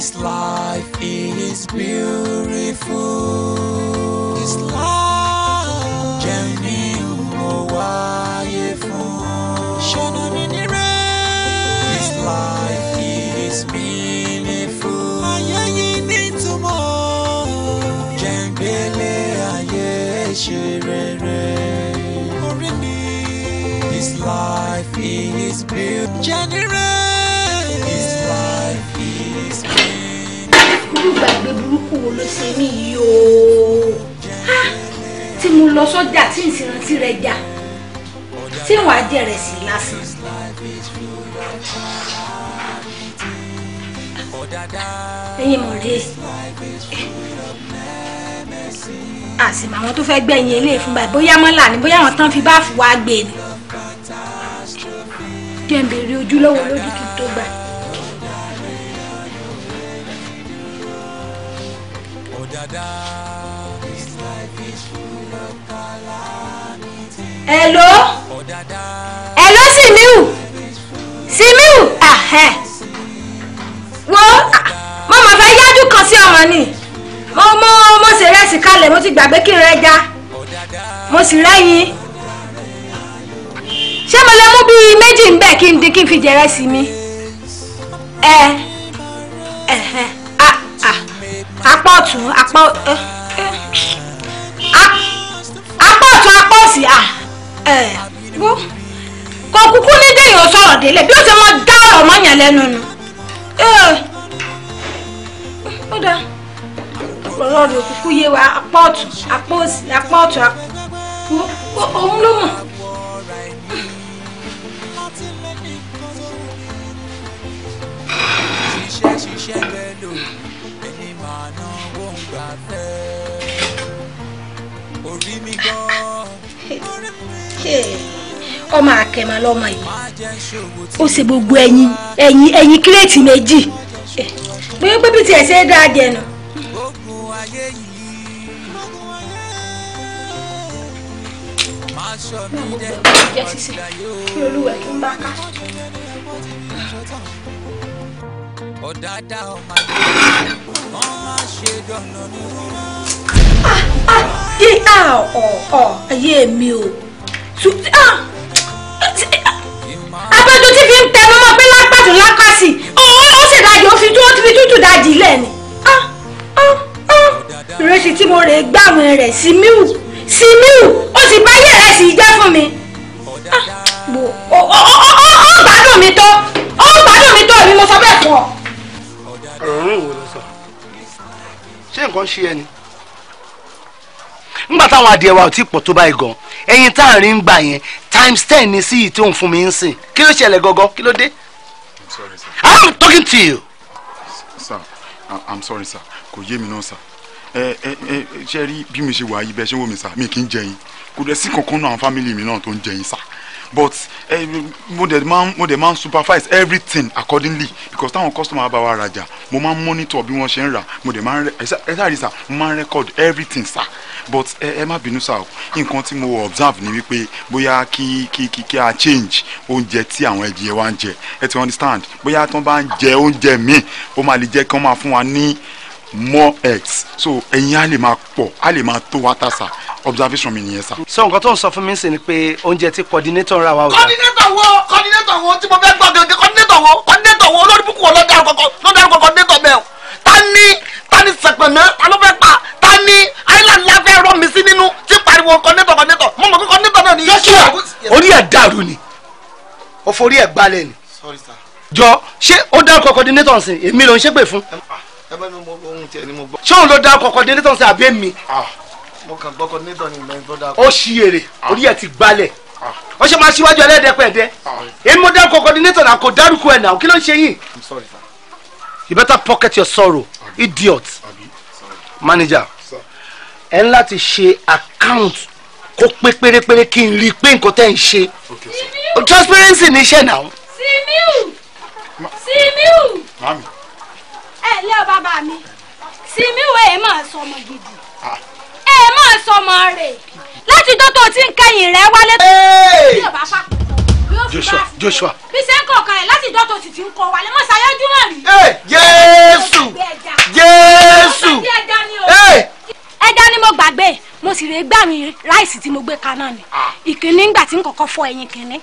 This life is beautiful. This life jẹ́ ní mo wáyé fún. Ṣọ́nà This life is meaningful. I am in ìtumọ̀. Jẹ́ ń gbélé ayé ṣe This life is beautiful. Jẹ́ ìgbàgbé burúkú wo ló ṣe mí yìí o tí mo lọ sọ́jà tí n sì rántí rẹ jà tí wàá jẹ rẹ sí lásán. ẹ̀yin mọ̀ rèé àsìmọ̀ àwọn tó fẹ́ gbẹ̀yìn eléyìí fún báyìí bóyá mọ́là ni bóyá àwọn tán fi báàfù wá gbé ni. jẹ́ ń bèrè ojúlówó lójú kí n tó gbà ní. dáadáa. This life is Hello? Hello Simiu? Simiu? Wo mo mọ̀ fẹ́ yájú kan sí ọmọ ni. Mo mo mo sì rẹ́sì kalẹ̀ mo ti gbàgbé kí n rẹ já. Mo sì rẹ́yìn. Ṣé mo lè mú bíi méjì ń bẹ̀ kí n dín kí n fi jẹrẹ sí mi? Ẹ ẹ̀hẹ̀ apá ọ̀tún apá eh, eh, apá ọ̀tún apá òsì à ah, eh, wo kò kúkú ní déyìn ó sọ̀rọ̀ délẹ̀ bí ó ṣe máa dá ọ̀rọ̀ mọ́ yẹn lẹ́nu nu ó dáa ọ̀rọ̀ rẹ̀ yé wa apá ọ̀tún apá òsì apá ọ̀tún òun ló mọ̀. ṣiṣẹ́ ṣiṣẹ́ bẹ́ẹ̀ lò. ọmọ àkẹmọ lọmọ yìí ó ṣe gbogbo ẹyin ẹyin ẹyin kírètì méjì bóyá pé bí tiẹ̀ ṣe é dáa jẹnu. kí olúwa kí n bá ká ọ̀dàdà ọmọ ṣe dandan ní Ah, Ah, yeah, oh, oh, ayé mi o ah, ah. abẹ́jú tí fi ń tẹnu mọ́ pé lápàtún lápàsì ó sì dájú ó fi tútù dájú ilẹ̀ ni ah, ìrẹsì tí mo rè gbàwọn rẹ̀ símíù símíù ó sì bá yẹ̀rẹ̀ sí jẹ́ fún mi ó gbádùn mi tó ó gbádùn mi tó èmi mo sọ bẹ́ẹ̀ fún ọ. ọ̀rọ̀ òun wò ló sọ ṣé nǹkan ṣe ẹni nígbà táwọn adìẹ wa ò tí pọ̀ tó báyìí gan ẹyin tá à ń gbà yẹn times ten ni sí yìí tó fún mi ń sìn kí ló ṣẹlẹ̀ gangan kí ló dé. I'm sorry sir. I'm talking to you. sir I'm sorry sir kò yé mi náà sir ẹ ẹ ẹ ṣe rí bí mi ṣe wà yìí bẹ́ẹ̀ ṣe wò mí sir mi kì í jẹ yín kò dẹ̀ sí kankan náà àwọn fámìlì mi náà tó ń jẹ yín sir but mo dẹ̀ man, mo dẹ̀ máa supervise everything accordingly because táwọn customer bá wa rajà mo máa monitor bí wọ́n ṣe ń rà mo dẹ̀ man, ń ẹ sáré sà mo máa record everything sà but ẹ má bínú sà o nǹkan tí mo observe ni wípé bóyá kí kí kí kí a change oúnjẹ tí àwọn ẹdìyẹ wa ń jẹ ẹ ti understand bóyá tí wọ́n bá ń jẹ oúnjẹ míì ó máa lè jẹ́ kí wọ́n máa fún wa ní more eggs so ẹyin á lè máa pọ̀ á lè máa tó wá tàṣà observation mi nìyẹn sá. sọ nǹkan tó ń sọ fún mi sì ni pé oúnjẹ tí coordinator ra wa. coordinator wo coordinator wo tí mo fẹ́ gbọ́ gẹ́gẹ́ coordinator wo coordinator wo olórí búkú wo lọ́dà àkọ́kọ́ lọ́dà àkọ́kọ́ coordinator bẹ́ẹ̀ o ta ni ta ni sẹ̀pẹ̀nà ta ló fẹ́ pa ta ni island la fẹ́ rọ́ mi sí nínú tí pariwo coordinator coordinator mo mọ̀ pé coordinator náà ni. yọ́sùn orí ẹ̀ dàrú ni òfò orí ẹ̀ gbalẹ̀ ni. jọ ṣé ó dárúkọ coordinator nsìn èmi ló ń ṣépè fún ẹ bá mi mọ ohun tiẹ̀ ni mo gbọ́. ṣé òun ló dá kọkọ dé nítorí àbẹ mi. mo kàn gbọ́ coordinator ni mẹ́rin tó dá. ó ṣí èrè orí ẹ̀ ti gbalẹ̀ ó ṣe máa ṣíwájú ẹlẹ́dẹ́pẹ̀ẹ́dẹ́ èmi mo dá kọ coordinator náà kò dárúkọ ẹ̀ náà kí ló ń ṣe yìí. I'm sorry sir. you better pocket your sorrow idiot manager ẹ ń láti ṣe account kó pé pérépéré kí n rí i pé nǹkan tẹ́ ń ṣe transparency ní iṣẹ́ náà. Simiu Simiu ẹ lé ọ bàbá mi simiwe ẹ máa sọmọ gidi ah. ẹ máa sọmọ rẹ láti tó tó ti ń kẹyìn rẹ wálé. Joshua Joshua. bí sẹ́ńkọ̀ kan ẹ̀ láti tó tó sì ti ń kọ wálé mọ̀ ṣàyọ́jú mọ̀ rí. Jésù Jésù ẹja ni mo gbàgbé mo sì rè gbàmí ráìsì tí mo gbé kaná ni ah. ìkíní ńgbà tí ń kọ́kọ́ fọ ẹyin kìíní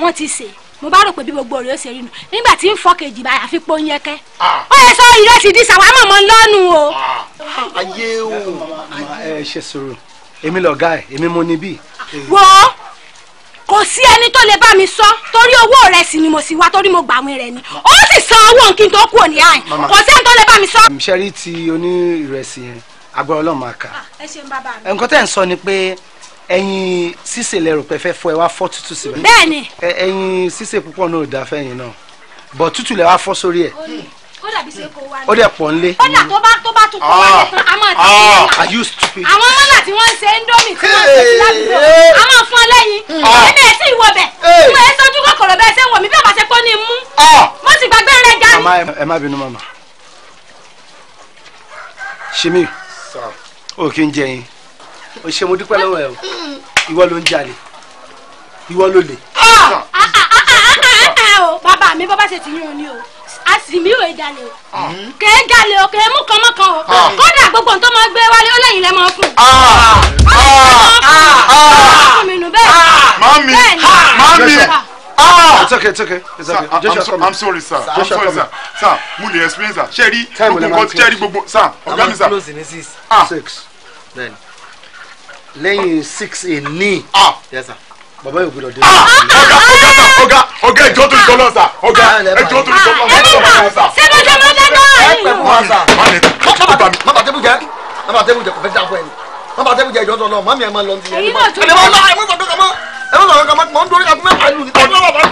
wọ́n ti sè é mo bá rò pé bí gbogbo rèé ṣe rí nu nígbà tí ń fọ kejì báyà fi pon yẹkẹ ah. ó yẹ sọ ìrẹsì di sàwámọ̀ mọ́ lọ́nu o. Ah, ayé o ẹ ṣe sọ̀rọ̀ èmi lọ̀gá ẹ̀ èmi mo ní bí. wo kò sí ẹni tó lè bá mi sọ torí owó rẹ sì ni mo sì wá torí mo gbà àwọn rẹ ni ó sì san owó nkin tó kù òní àyìn kò sí ẹni tó lè bá mi sọ. ṣẹ́rí ti oní ìrẹsì yẹn agbára ọlọ́run ah, ẹ ṣeun bàbá mi. nǹkan tẹ́ ń sọ ni pé ẹyin sísè lẹrù pẹfẹ fọ ẹ wá fọ tútù síbẹ̀. bẹ́ẹ̀ni. ẹyin sísè púpọ̀ náà ò dáa náà bọ tútù lẹ wá fọ sórí ẹ. ó dàbí ṣe kó wá ó dẹ pọ̀ nlé. kódà tó bá tó bá tún kó wá ní tán a máa tẹ̀lé ah, ah, àwọn mọ́nà tí wọ́n ń ṣe indomie tí wọ́n ń ṣe ládùúgbò a fún ọ lẹ́yìn. Ah. èmi ẹ̀ sì wọ bẹ̀. mo ẹ̀ sọ́jú kòkòrò bẹ́ẹ̀ ṣe wọ̀ mí bí ọ̀bà ṣe pọ́ ní mú. mo sì gbàgbé rẹ̀ o ṣe mo dúpẹ́ lọ́wọ́ ẹ o ìwọ ló ń jalè ìwọ ló lè. bàbá mi bàbá ṣe ti yún un ni o a sì mí ò jalè o ah. kè é jalè o kè é mú kànmọ́kàn o ah. kódà gbogbo nǹkan máa gbé wálé ó lẹ́yìn lẹ́ máa fún un. mami ah. mami. Ah! It's okay, it's okay. It's okay. Sir, Joshua, I'm, so, I'm sorry, sir. sir I'm sorry, sir. Sir, mo lè explain, sir. Ṣé rí gbogbo nǹkan ṣé rí sir. Ọ̀gá mi, sir. Ah. Six. Then lẹ́yìn six a ní. bàbá yóò gbọdọ̀ dé. ọ̀gá ọ̀gá ọ̀gá ọ̀gá ẹjọ́ tó ní tọ́lọ́ sà ọ̀gá ẹjọ́ tó ní tọ́lọ́ sà. sẹ́nu ọjọ́ máa bẹ náà. ẹ pẹ̀ mọ́ sà. má bàtẹ́ bùjẹ́ má bàtẹ́ bùjẹ́ kò fẹ́ dà fún ẹ má bàtẹ́ bùjẹ́ ìjọ́ tó lọ mọ́mí ẹ̀ máa lọ nìyẹn. èyí náà tó lọ. ẹ má sọ̀rọ̀ kama ẹ má sọ̀rọ̀ kama mọ̀ ń dorí àti mẹ́fà lù ní.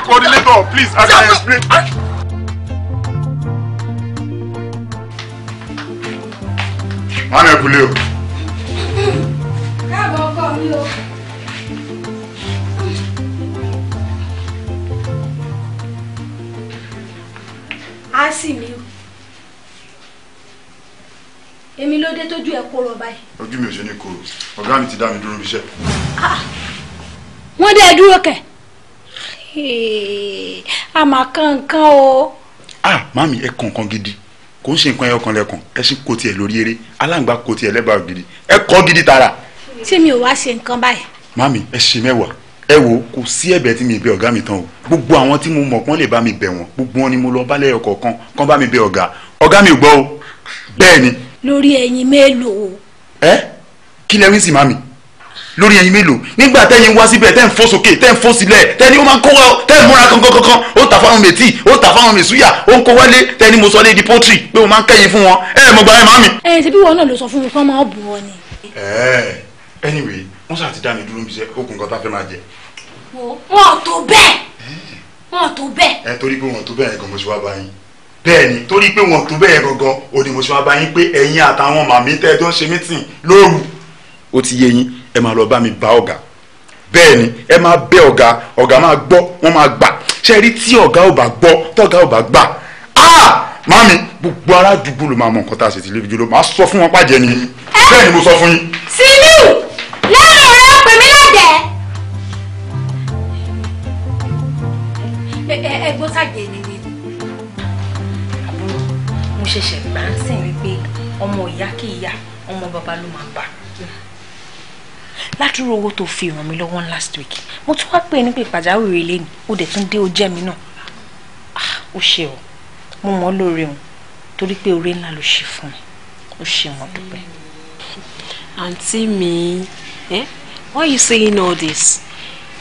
coordinator please I can explain. má nà ẹ kúlẹ̀ o káàbọ̀ ọkọ mi o. a sì mi o èmi ló dé tójú ẹ kóró báyìí. ojú mi ò ṣe ní kóró ọ̀gá mi ti dá mi dúró bí ah, ah. wọ́n dé dúró kẹ̀ a máa kan nǹkan o. ah mami ẹ kàn kan gidi kò ń ṣe nǹkan ẹyọ kan lẹ́kàn ẹ sì kò tiẹ̀ lórí eré aláǹgbá kò tiẹ̀ lẹ́bàá gidi ẹ kọ́ gidi tara ṣé mi ò wá ṣe nǹkan báyìí. mami ẹ ṣe mẹ́wàá ẹ wo kò sí ẹ̀bẹ̀ tí mi bẹ̀ ọ̀gá mi tán o gbogbo àwọn tí mo mọ̀ kán lè bá mi bẹ̀ wọ́n gbogbo wọn ni mo lọ bálẹ̀ ọkọ̀ kan kán bá mi bẹ̀ ọ̀gá ọ̀gá mi ò gbọ́ o bẹ́ẹ̀ ni. lórí ẹyin mélòó. ẹ kí lẹ rí sí mami lórí ẹyin mélòó nígbà tẹ́yin wá síbẹ̀ tẹ́ ń fò sókè tẹ́ ń fò sílẹ̀ tẹ́ni ó máa ń kó wá tẹ́ múra kankan kankan ó tà fáwọn mẹtì ó tà fáwọn mẹsúyà ó ń kó wálé tẹ́ni mo sọ lé pọtri pé mo máa ń kẹ́yìn fún wọn ẹ mọgbà ẹ mami. ẹ ṣe bí wọn náà ló sọ fún mi kí wọn máa bù ọ ni. ẹ anyway wọ́n ṣáà ti dá mi dúró níbiṣẹ́ ó kún nǹkan tá a fẹ́ máa jẹ. wọn ò tó bẹ́ẹ̀ wọn ò tó bẹ́ẹ̀. ẹ torí pé wọn ò tó bẹ́ẹ̀ gan mo ṣe wá bá yín bẹ́ẹ̀ ni torí pé wọn ò tó bẹ́ẹ̀ gangan ò ní mo ṣe wá bá yín pé ẹ̀yin àtàwọn màmí tẹ́ ẹ jọ ń ṣe mítìn lóru. ó ti yé yín ẹ máa lọ bá mi bá ọ̀gá bẹ́ẹ̀ ni ẹ máa bẹ ọ̀gá ọ̀gá máa gbọ́ wọ́n máa gbà ṣe rí tí ọ̀gá ò bá gbọ́ tọ́gá ò bá gbà á ah! mami gbogbo ará àdúgbò ló máa mọ nǹkan tá a ṣe ti lè fi jùlọ máa sọ fún wọn pàjẹ́ ni bẹ́ẹ̀ ni mo sọ fún yín. sílíù ẹgbọ́n ṣàjẹ́ ni àbúrò mo ṣẹ̀ṣẹ̀ gbà ń sìn wípé ọmọ ìyá kí ìyá ọmọ bàbá ló máa bà ládùúrò owó tó fi ràn mí lọ́wọ́ last week mo tún wá pè é nípa ìpàjáwìrì lẹ́nu ó dẹ̀ tún dé ó jẹ́ mi náà ah, ó ṣe o mo mọ̀ ọ́ lóore o torí pé oore ńlá ló ṣe fún mi ó ṣe mo dúpẹ́. àǹtí mi eh? why you saying all this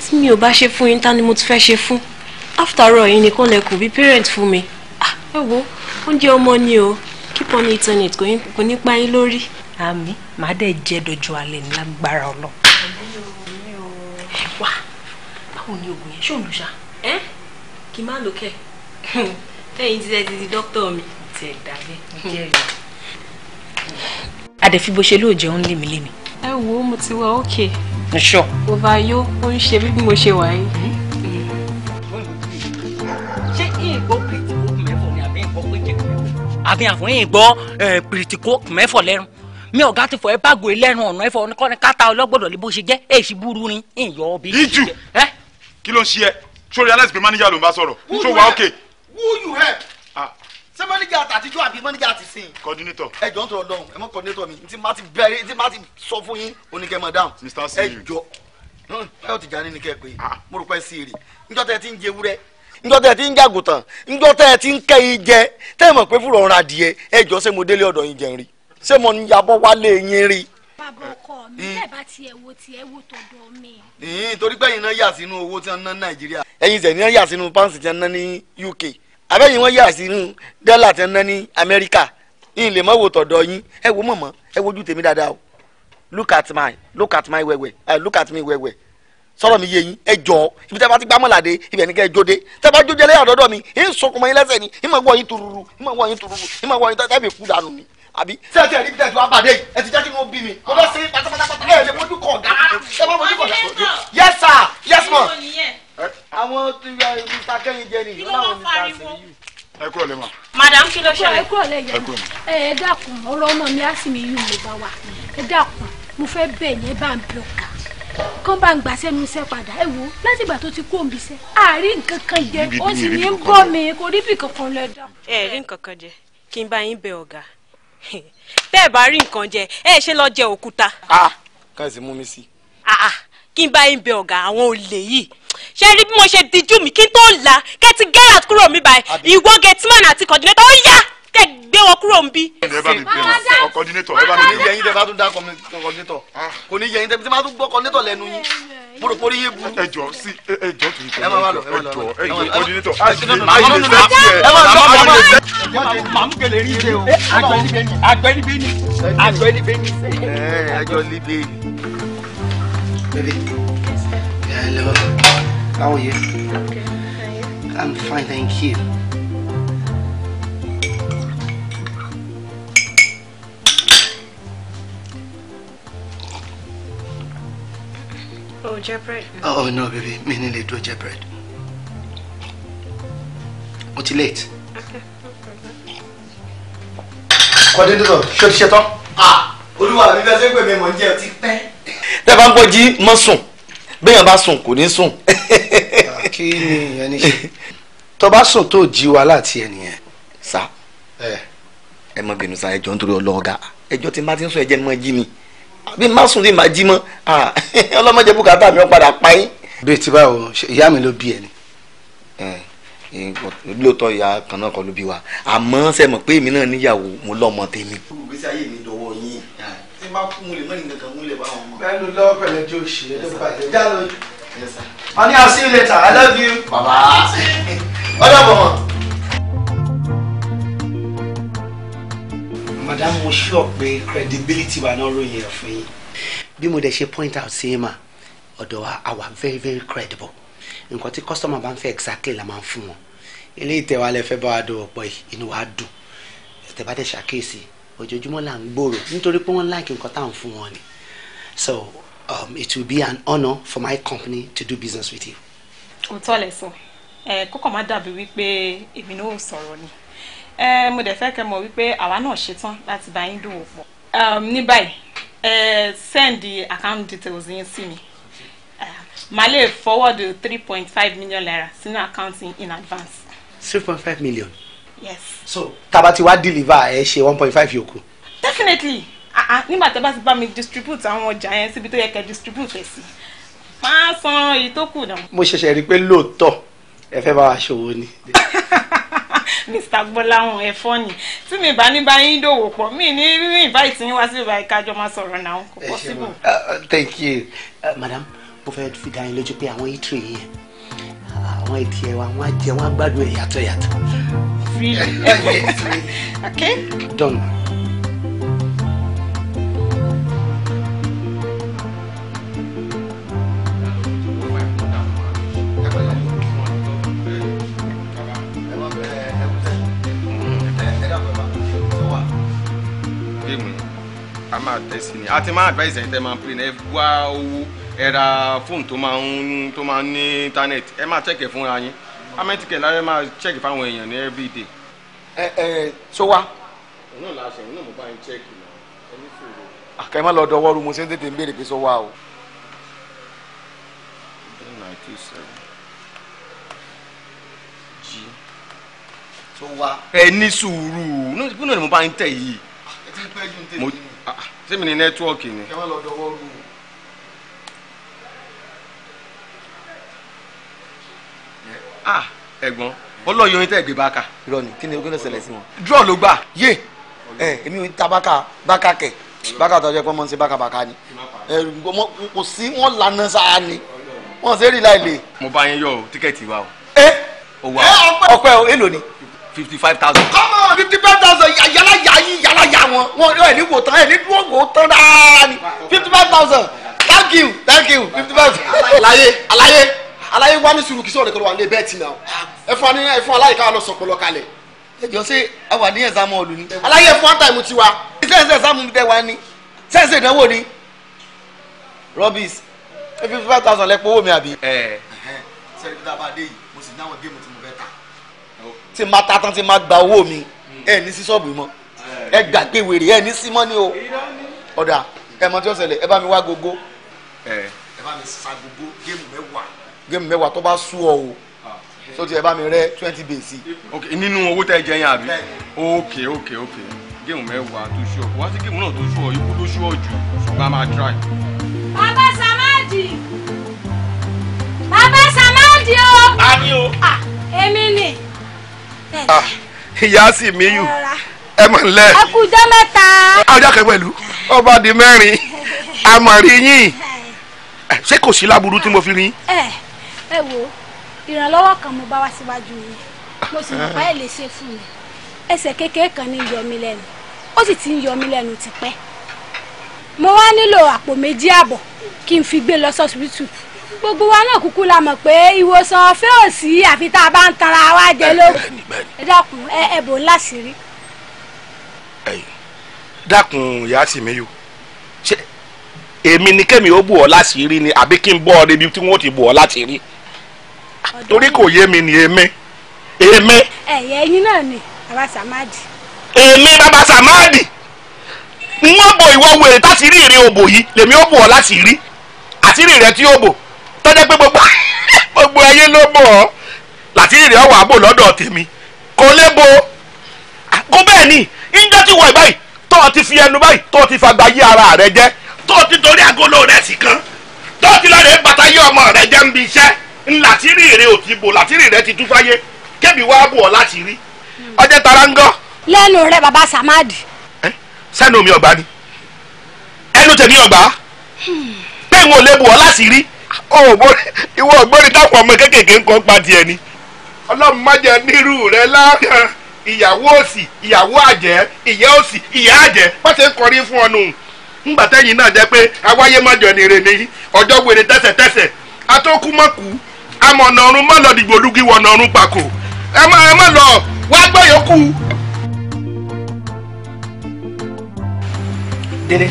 tí mi ò bá ṣe fún yín ta ni mo ti fẹ́ ṣe fún after all ẹ̀yin nìkan lẹ kù bí parent fún mi ah, ẹ wo oúnjẹ ọmọ ni o keep on eating it kò ní pa yín lórí. àmì màá dẹ̀ jẹ́ dojú alẹ́ ní lágbára ọlọ. wá báwo ni oògùn yẹn ṣòun ló ṣá ẹ kì í má lò kẹ tẹ̀yin ti ti di dókítà mi ti ẹ dàbẹ jẹrìí. àdẹ̀fí bó ṣe lóò jẹun lémi lémi. ẹ wo mo ti wá òkè. ṣọ. òbá yó ó ń ṣe bí mo ṣe wà yìí. àfi àfọyín gbọ́ pìrìtìkó mẹ́fọ̀ lẹ́rùn mi ọ̀gá ti fọ ẹ bá gòye lẹ́rùn ọ̀nà ẹ̀fọ́ ọ̀nìkọ́ni káta ọlọ́gbọ́dọ̀ lè bó ṣe jẹ́ èsì burú ni ìyọ̀ bí. iju kí ló ń ṣe ẹ sórí alex pé manager ló ń bá sọ̀rọ̀ so wa ok. who you help. Ah. ṣé manager àtijọ́ àbí manager ti sìn. coordinator. ẹ jọ ń tọrọ dọ̀hún ẹ mọ coordinator mi ntí má ti bẹ̀rẹ̀ ntí má ti sọ fún yín oníkẹ́ madam. mr siri ẹ jọ ẹ ò ti jà ní nìkẹ́ pé mo rò pé siri níjọ́ tẹ́ ti ń jẹ ewúrẹ́ njọ́ tẹ́ ẹ ti ń jàgùtàn njọ́ tẹ́ ẹ ti ń kẹ́ yín jẹ tẹ́ ẹ mọ̀ pé fúrọ̀ ọ̀run adìẹ ẹ jọ ṣé mo délé ọ̀dọ̀ yín jẹun rí ṣé mo ń yabọ́ wálé yín rí. bàbá ọkọ mi bẹ́ẹ̀ hmm. bá tiẹ̀ wo tiẹ̀ wo tọ̀dọ̀ mi. Hmm, torí pé ẹ̀yin náà yà sínú owó tí wọ́n ná nàìjíríà. ẹ̀yin tẹ̀ ní yà sínú pounds tí wọ́n ná ní UK abẹ́yìn wọ́n yà sínú dọ́là tí wọ́n ná ní Amẹ́ríkà yín lè mọ̀ wo tọ̀dọ̀ yín ẹ wo mọ̀mọ́ ẹ wojú tèmi dáadáa o look at my look at my wẹ̀wẹ̀ uh, look at me wẹ̀wẹ̀ sọ̀rọ̀ mi yé yín ẹ jọ ibi tí a bá ti gbá mọ́làdé ibẹ̀ ni kẹ́ ẹ jóde tí a bá jóde lẹ́yà dọ́dọ̀ mi ẹ ń sọkùnmọ́ yín lẹ́sẹ̀ ni ẹ máa wọ yín tururu ẹ máa wọ yín tururu ẹ máa wọ yín tẹ́tẹ́ mi kú dànù mi àbí. ṣé ẹ ti ẹ̀rí bíi ẹ̀dùn àbàdé yìí ẹ ti jẹ́ kí wọ́n bí mi mo bá ṣe pátápátá ẹ lè mójú kọ̀ gá ẹ bá mójú kọ̀ gá yes sir yes ma. àwọn tí mr kẹ́hìndé ni ìlú àwọn mr sèyí ẹ kúrò lè ma. madam kí ló ṣẹlẹ̀. ẹ kúrò lẹ́yìn ẹ ẹ dákun ọ̀rọ̀ ọmọ mi á sì mí yún mi bá wa ẹ dákun mo fẹ́ bẹ̀ yẹn bá ń bẹ̀ ọ̀gá kán bá ń gbà sẹ́nu iṣẹ́ padà ẹ wo láti ìgbà tó ti kú òǹbí iṣẹ́ àárín nǹkan kan jẹ ó sì ní ń bọ̀ mí kò rí bì kankan lọ dá. ẹ rí nǹkan kan jẹ kí n bá yín bẹ ọ̀gá tẹ́ ẹ bá rí nǹkan jẹ ẹ ṣe lọ jẹ òkúta. a ah, káàsì mú mi sí. Ah, ah, kí n bá yín bẹ ọ̀gá àwọn olè yìí ṣe rí bí mo ṣe dijú mi kí n tó la kẹ́ ti gẹ́rà kúrò mi báyìí ìwọ gẹ̀tìmán àti kọ̀dínétọ̀ ó yá ń bí. kọ́ndínétọ̀ ẹ bá mi bẹ̀rẹ̀. Ah. kò how are you i'm fine thank you. dúró oh no baby mi ní lè dúró jẹ bread mo ti late. kọ́dé dúró ṣé o ti ṣe tán. olúwa mi bẹ́ẹ̀ ṣe ń pè mí mọ̀ ń jẹ́ ọtí pẹ́. tẹ́ bá ń gbọ́ jí mọ́ sùn béèyàn bá sùn kò ní sùn. kí ni ìyẹn ní ṣe. tó bá sùn tó jí wa láti ẹnìyẹn. Sa. ẹ eh. mọ bínú sa ẹjọ́ nítorí ọlọ́ọ̀gá ẹjọ́ tí má ti ń sọ ẹjẹ́ mọ́ jí mi àbí má sùn jí mọ́ ọlọ́mọdé bùkátà mi ó padà pa yín. bí ti báwo ìyá mi ló bí ẹ ni. lóòótọ́ ìyá kan náà kọ́ ló bí wa àmọ́ ṣe mọ̀ pé èmi náà níyàwó mo lọ́mọ tèmi. ìgbésí ayé mi dọ̀wọ́ yín tí bá kú mo lè mọ́ nìkan kan mo lè bá wọn mọ́. bẹ́ẹ̀ ló lọ́wọ́ pẹ̀lẹ́ tí ṣe é ló bàjẹ́ já lóyún. honey I'll see I love you. bàbá ọ̀dọ̀ bọ̀ madam mo sure pé credibility wa náà ròyìn ẹ̀ fún yín. bí mo dẹ̀ ṣe point out sí ma ọ̀dọ̀ wa very very credible nǹkan tí customer bá ń fẹ́ exactly la máa ń fún wọn ilé ìtẹ̀wá lẹ fẹ́ bá wa dọ̀wọ̀ pọ̀ yìí inú wa dùn ẹ̀tẹ̀ bá dẹ̀ ṣàkíyèsí ojoojúmọ́ là ń gbòòrò nítorí pé wọ́n like nǹkan táwọn fún wọn ni so um, it will be an honour for my company to do business with you. òótọ́ lẹ sọ ẹ kókò má dàbí wípé èmi náà ò sọ̀rọ̀ ni ẹ mo dẹ̀ fẹ́ kẹ́ mọ̀ wípé àwa náà ṣetán láti bá yín dòwò pọ̀ um, ní báyìí ẹ send account details yín sí mi um, màá lè forward three point five million naira sínú account yín in advance. three point five million. yes. so taba ti wá deliver ẹ ṣe one point five yòókù. definitely nígbà tó bá ti bá mi distribute àwọn ọjà yẹn síbi tó yẹ kẹ́ distribute ẹ sí máa san èyí tó kù náà. mo ṣẹ̀ṣẹ̀ rí i pé lóòótọ́ ẹ fẹ́ bá wa ṣòwò ni. Mr. Gbọ́láhùn ẹ fọ́ọ̀nì tí mi bá ní báyìí dòwò pọ̀ mi ní rí invite yín wá sí ìbá ìkájọ máa sọ̀rọ̀ náà kò possible. Uh, uh, thank you uh, madam mo fẹ́ fi dá yín lójú pé àwọn ètò yìí àwọn ètò ẹ̀ wọn á jẹ wọn á gbádùn ẹ̀ yàtọ̀ yàtọ̀. really okay. done. máa tẹ̀ ni a ti máa advise ẹ̀yin tẹ́ máa pè ní ẹ owó ẹ fóònù tó máa ń tó máa ń ní internet ẹ máa check fúnra yín amẹ́tíkẹ̀ lára ẹ máa check fáwọn èèyàn ní everyday. ẹ ẹ tó wá. òun náà láṣẹ òun náà mo bá yín check náà ẹni fòrò. àkàì má lọ dọwọ́ ru mo ṣe ń tètè ń béèrè pé sọ wá o. ẹ ní sùúrù náà ni mo bá ń tẹ̀ yìí sẹ́mi ní nẹ́tíwọ́ọ̀kì ni. ah ẹ̀gbọ́n ọlọ́yọ̀ yín tẹ́ gbé báka. irọ́ ni kí ni ogún ló ṣẹlẹ̀ wọn. draw ló gbà. yé ẹ èmi ò ń ta báka báka kẹ báka tó jẹ pé ọmọ ń ṣe báka báka ni kò sí wọn lànà sáà ni wọn ṣe é rí láì mo bá yín yọ tíkẹ́ẹ̀tì wa o. ẹ ọpẹ́ o èlò ni fifty five thousand. kọ́mọ fifty five thousand yàrá yà yín yàrá yà wọn wọn ẹ ní wò tán ẹ ní dúró wò tán rárá ni fifty five thousand thank you thank you fifty five thousand. alaye alaye alaye wa ní sùúrù kí sọ̀rọ̀ kọ́ ló wà ní bẹ́ẹ̀ tì náà ẹ fún wa ẹ fún aláìka lọ sọ̀pọ̀ lọ kalẹ̀ ẹ jọ ṣe àwa ní ẹ̀sán mọ́ ọ̀lù ni alaye fún àtàìmù tiwa sẹ́ǹsì ẹ̀sán mú tẹ wá ní sẹ́ǹsì ìdánwò ni rubbish fifty five thousand lẹ́pọ̀ owó mi àbí. ẹ ẹ sẹ́ni bí tá a bá dé yìí mo sì náwó géèmù tí ma ta tán tí ma gba owó mi hmm. ẹ ní sí ṣọ́ọ̀bù mọ́ hmm. ẹ gbàgbé wèrè ẹ ní sí ni o ọ̀dà ẹ mọ tí ó ṣẹlẹ̀ ẹ bá mi wá gogo ẹ bá mi sa gogo géèmù mẹ́wàá géèmù mẹ́wàá tó bá sú ọ o ah. so ti ẹ bá mi rẹ twenty bèsì. ok nínú owó tẹ jẹ yẹn àbí ok ok ok géèmù mẹ́wàá tó sú ọ wá sí géèmù náà tó sú ọ ikú tó sú ọ jù ṣùgbọ́n a máa try. bàbá samadi bàbá samadi o. a ní o. Ah, èmi ni. Ah, ìyá sì mí yù ẹ mọ̀ nílẹ̀. ẹ kú jẹ́ mẹ́ta. ọjọ́ kẹ pẹ̀lú ọba di mẹ́rin àmọ̀rí yín ṣé kò sí láburú tí mo fi rí. ẹ ẹ wo ìrànlọ́wọ́ kan mo bá wá síwájú yìí mo sì mọ̀ báyìí lè ṣe fún mi ẹsẹ̀ kékeré kan ní yọ mí lẹ́nu ó sì ti ń yọ mí lẹ́nu tipẹ́ mo wá nílò àpò méjì àbọ̀ kí n fi gbé lọ sọ́sibítù gbogbo wa náà kúkú la mọ̀ pé ìwòsàn ọ̀fẹ́ ò sí àfi tá a bá ń tanra wa jẹ ló ẹ dákun ẹ ẹ bò ń láṣìírí. dákun ìyá sì mi yò ṣé èmi ni kẹ́mi ó bù ọ́ láṣìírí ni àbí kí n bọ́ ọ débi tí wọ́n ti bù ọ́ láṣìírí torí kò yé mi ni èmi èmi. ẹ̀yẹ ẹyin náà ni bàbá samadi. èmi bàbá samadi n wọ́n bo ìwọ wèrè tá ti rí ìrìn òbò yìí lèmi ó bù ọ́ láṣìírí àtìrí rẹ tí ó bò. tọ́jà pé gbogbo gbogbo ayé ló bọ̀ ọ́ láti rí ọwọ́ àbò lọ́dọ̀ tèmi kò lébo kó bẹ́ẹ̀ ni ìjọ ti wọ̀ ẹ̀ báyìí tó ti fi ẹnu báyìí tó ti fagbá yí ara rẹ jẹ́ tó o ti torí agolo rẹ sì kan tó o ti lọ́ọ̀rẹ́ bàtà yí ọmọ rẹ jẹ́ ń bi iṣẹ́ ńlá tí rí rẹ ò láti rí rẹ ti tú fáyé kébì wá bò láti rí ọjọ́ tara ń gọ́. lẹ́nu rẹ baba samadi. sẹ́nu mi ọ̀gbá ni ẹnu tèmi ọ̀gbá pé n ò lébo ọ́ láti rí. ìwọ ọ̀gbẹ́ni táwọn ọmọ kéékèèké ń kọ́ pa tiẹ̀ ni ọlọ́run má jẹ́ nírú rẹ lákàn ìyàwó òsì ìyàwó àjẹ́ ìyá òsì ìyá àjẹ́ bá ṣe ń kọrin fún ọnu ńgbà tẹ́yìn náà jẹ́ pé awáyé mọ́jọ ni rèé ní ọjọ́ wèrè tẹ́sẹ̀tẹ́sẹ̀ atókùmọ̀kù amọ̀nà ọ̀run má lọ dìgbò lùgì pàkó ẹ má ẹ má lọ wá gbọ́ yòókù. dèrè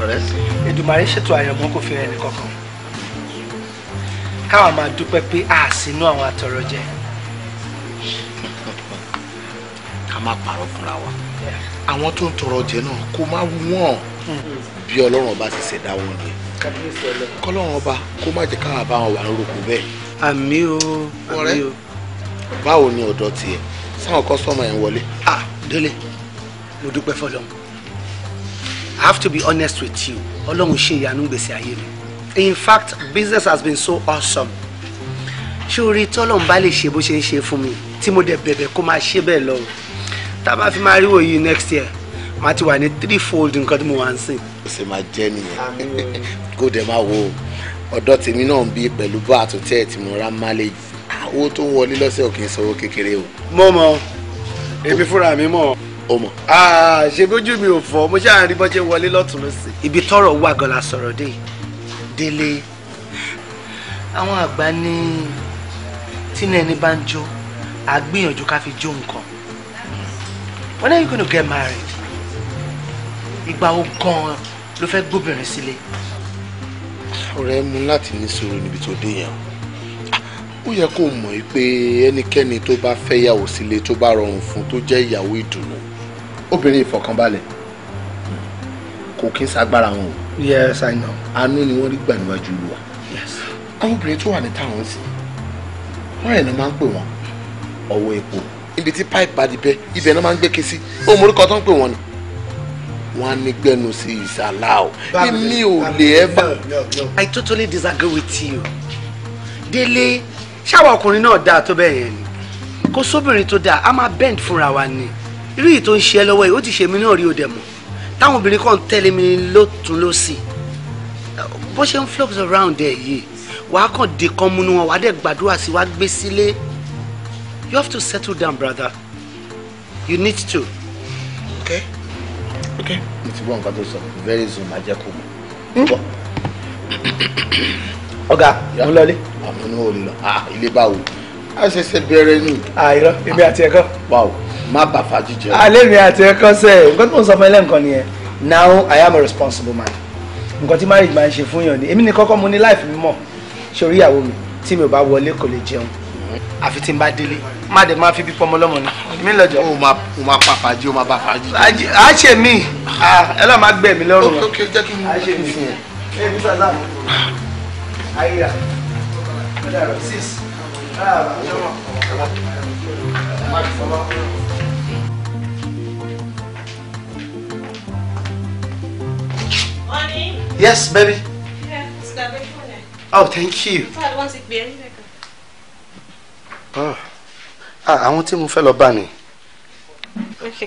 ọ̀rẹ́ ṣètò káwa máa dúpẹ́ pé a sínú àwọn atọrọ jẹ. ká má parọ́ fúnra wa àwọn tó ń tọrọ jẹ náà kó má wù wọ́n bí ọlọ́run ọba ti ṣẹ̀dá wọn ni kọ́lọ́run ọba kó má jẹ́ káwa bá wọn wà lórúkọ bẹ́ẹ̀. àmì o àmì o. báwo ni ọ̀dọ́ tiẹ̀ sáwọn kọ́sọ́mọ̀ yẹn wọlé. ah délé mo dúpẹ́ fọlọ́n i have to be honest with you ọlọ́run ṣe ìyanu gbèsè ayé mi in fact business has been so awesome ṣé orí tọ́lọ́n bá lè ṣe bó ṣe ń ṣe fún mi tí mo dẹ̀ bẹ̀bẹ̀ kó máa ṣe bẹ́ẹ̀ lọ tá a bá fi máa rí wòye next year màá ti wà ní three fold nǹkan tí mo wà ń sìn. ó sì máa jẹ́ nìyẹn kó dẹ̀ máa wo ọ̀dọ́ tèmi náà ń bí pẹ̀lú bá àtúntẹ̀ tí mo rá málẹ̀ owó tó ń wọlé lọ́sẹ̀ ò kì kékeré o. mo mọ èmi fúnra mi mọ o mọ. Ah, ṣe bójú mi ò fọ mo ṣáà rí bọ́jẹ́ wọlé lọ́tún lọ́sẹ̀. ibi tọ́rọ̀ wà gan la sọ̀rọ̀ dé délé àwọn àgbà ní tínú ẹni bá ń jó àgbìyànjú ká fi jó nǹkan when are you gonna get married ìgbà wo gan-an ló fẹ́ gbóbìnrin sílé. ọ̀rẹ́ mu láti ní sùúrù níbi tó dé yẹn ó yẹ kó mọ̀ ẹ́ pé ẹnikẹ́ni tó bá fẹ́ yàwó sílé tó bá rọrùn fún tó jẹ́ ìyàwó ìdùnnú obìnrin ìfọ̀kànbalẹ̀ kò kí n sagbára wọn o. yes i know. àánú ni wọ́n rí gbà níwájú olúwa. yes. àwọn obìnrin tó wà ní táwọn sí wọ́n rẹ̀ ni máa ń pè wọ́n ọwọ́ epo ibi tí pipe bá di bẹ́ ibẹ̀ náà máa ń gbé ké sí ó mú orúkọ tó ń pè wọ́n ni wọ́n á ní gbẹ́nu sí ìsàlá o èmi ò lè ẹ́ bá. i totally disagree with you délé ṣáwa ọkùnrin náà dáa tó bẹ́ẹ̀ yẹn ni kó sóbìnrin tó dáa a máa bend fúnra wa ni irú yìí tó ń ṣe ẹ lọ́wọ́ yìí ó ti ṣèmi náà rí o dẹ̀ mọ́ táwọn obìnrin kan tẹ̀lé mi lọ́tún lọ́sì bó ṣe ń flux around ẹ̀ yìí wàá kàn dé kan múnú wọn wàá dẹ̀ gbàdúrà sí wàá gbé sílé you have to settle down brother you need to. okay okay. mo ti gbọ́ nǹkan tó sọ very soon máa jẹ́ kó mọ̀ hmm? ọ̀gá mo lọlé. àmọ́ ní o lè lọ ah, ilé báwo a ṣẹ̀ṣẹ̀ bẹ̀rẹ̀ nù. àìrọ ah, èmi àti ẹ̀kọ́. báwo má bà fàájì jẹ́. alẹ́ mi àti ẹ̀kọ́ sẹ́ nǹkan tí mo sọ fún ẹ lẹ́ǹkan nìyẹn now i am a responsible man nǹkan tí marriage máa ń ṣe fún yàn ni èmi ni kọ́kọ́ mo ní life mi mọ̀ sórí ìyàwó mi tí mi ò bá wọlé kò lè jẹun mm-hmm. àfi tí n bá délé má dé máa fi bí pọmọ lọmọ ni èmi lọjọ. o máa o máa pa fàájì o máa bá fàájì. a ṣe mí ẹ lọ́ọ́ máa gbẹ̀mí lọ́rùn wọn. ok ok jẹ́ kí n mú mi fún ẹ. ẹ six. Honey? Yes, baby. Yeah, eh? Oh, thank you. Oh. I ah, want to move fẹ́ lọ bá ni.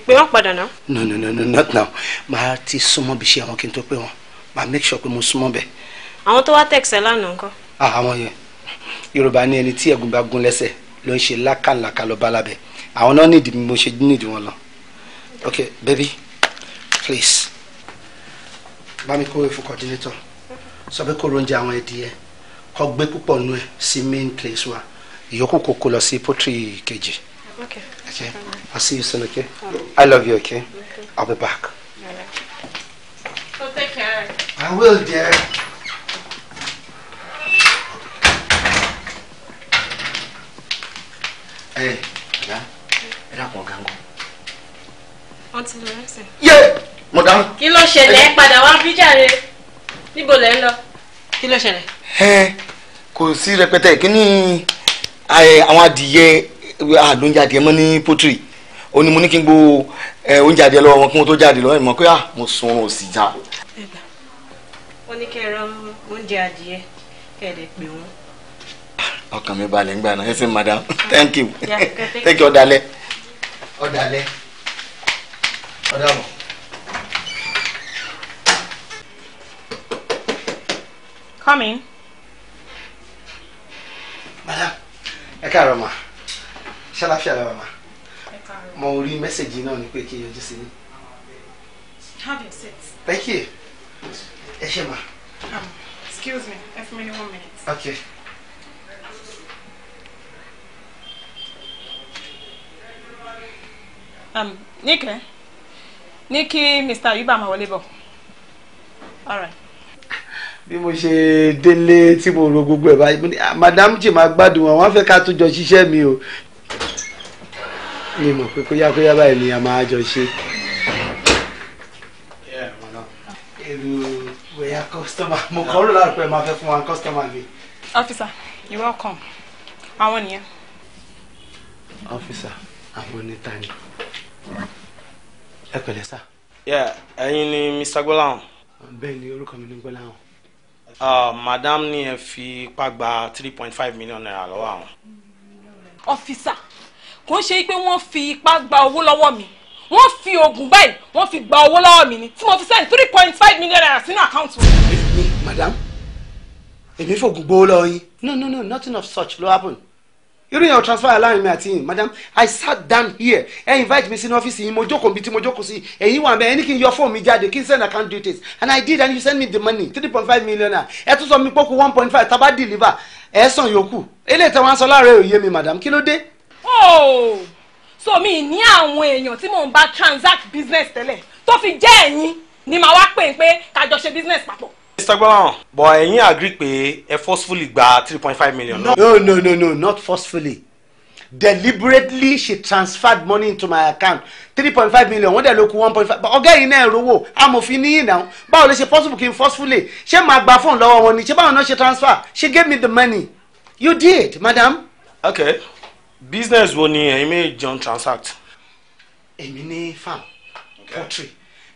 Pé wọ́n padà No no no no not now. Màá ti súnmọ́ bí ṣe àwọn kí n tó pé wọn. Màá make sure pé mo súnmọ́ bẹ̀. Àwọn tó wá tẹ̀sẹ̀ lánàá ńkọ́. Ah, àwọn yẹn. Yorùbá ní ẹni tí ẹ̀gún bá gún lẹ́sẹ̀ ló ń and lákàlàkà lọ bá I Àwọn náà nídìí mo ṣe nídìí Okay baby please bá kó e fún sọ pé kó ronjẹ àwọn ẹdìyẹ kó gbé púpọ̀ nù ẹ sí main place wa ìyókù kò kó lọ sí poultry kejì. okay okay I'll see you soon okay I love you okay I'll be back. So take care. I will dear. ẹ ẹ dàpọ̀ gángan. wọ́n ti lọ rẹ́sẹ̀. yé. Yeah. mọ̀dá. kí ló ṣẹlẹ̀ ẹ padà wá bí jàre níbo lẹ́ lọ kí ló ṣẹlẹ̀. kò sí rẹpẹtẹ kíní àwọn adìyẹ àlóúnjẹ adìyẹ mọ ní pọtìrì ó ní mo ní kí n gbó oúnjẹ adìyẹ lọ wọn kí wọ́n tó jáde pé mo sun já. ó ní kẹ́ ẹ rán oúnjẹ adìyẹ kẹ́ ẹ lè pè wọ́n. ọkàn mi balẹ̀ Come in. Madam, ẹ káàárọ̀ ma. Ṣé àlàáfíà la wà ma? Ẹ káàárọ̀. Mo rí mẹ́sẹ̀gì náà ni pé kí yọjú sí ni. Have your seat. Thank you. Ẹ ṣé ma. Um, excuse me, ẹ fún mi ní one minute. Okay. Um, Nike, ní kí Mr. Yuba máa wọlé bọ̀. All right bí mo ṣe délé tí mo ro gbogbo ẹ̀ báyìí mo ní ah, madam jì máa gbádùn wọn ká tún jọ ṣiṣẹ́ mi o mi mọ̀ pé kóyákóyá báyìí ni a máa jọ ṣe. èrò bóyá kọ́sítọ́mà mo kọ́ ọ́ lọ́la pé máa fẹ́ fún wa kọ́sítọ́mà mi. officer you welcome àwọn nìyẹn. officer àwọn oníta ni ẹ pẹ̀lẹ́ sá. ẹ̀yin ni mr gbọ́láhàn. bẹ́ẹ̀ ni orúkọ mi ni gbọ́láhàn. Ah, madam ni ẹ fi ipá gba three point five million naira lọ́wọ́ àwọn. ọ̀fíìsà kò ń ṣe pé wọ́n fi ipá gba owó lọ́wọ́ mi wọ́n fi oògùn báyìí wọ́n fi gba owó lọ́wọ́ mi ni tí mo fi sẹ́yìn three point five million naira sínú àkáǹtì wọn. èmi madam èmi fògùn gbowó lọ́wọ́ yín no no no nothing of such ló happen irú yẹn o transfer aláàrin mi àti yín madam i sat down here ẹ invite me sínú ọ́fíìsì yín mo jókòó bí tí mo jókòó sí ẹ̀yin wà mẹ́ ẹni kí n yọ fóònù mi jáde kí n send account details and i did and you send me the money three point five million naira ẹ tún sọ mi pọ́kú one point five taba deliver ẹ sàn yòókù eléyìí tí wọ́n á sọ láàárọ̀ òye mi madam kí ló dé. ooo oh! so mi ní àwọn èèyàn tí mò ń bá transact business tẹ́lẹ̀ tó fi jẹ́ ẹ̀yin ni màá wá pè é pé ká ṣe business papọ̀ mr gbọ́n bọ̀ ẹ̀yin agree pé ẹ forcefully gba three point five million. no no no no not forcefully deliberately she transferred money into my account three point five million wọ́n dẹ̀ ló kù one point five ọ̀gá yìí náà rówó amòfin níyì náà báwo lè ṣe possible kí n forcefully ṣé màá gba fóònù lọ́wọ́ wọn ni ṣé báwọn náà ṣe transfer she gave me the money you did madam. okay business wo ni ẹ̀yin méjì jọ ń transact. èmi ní farm poultry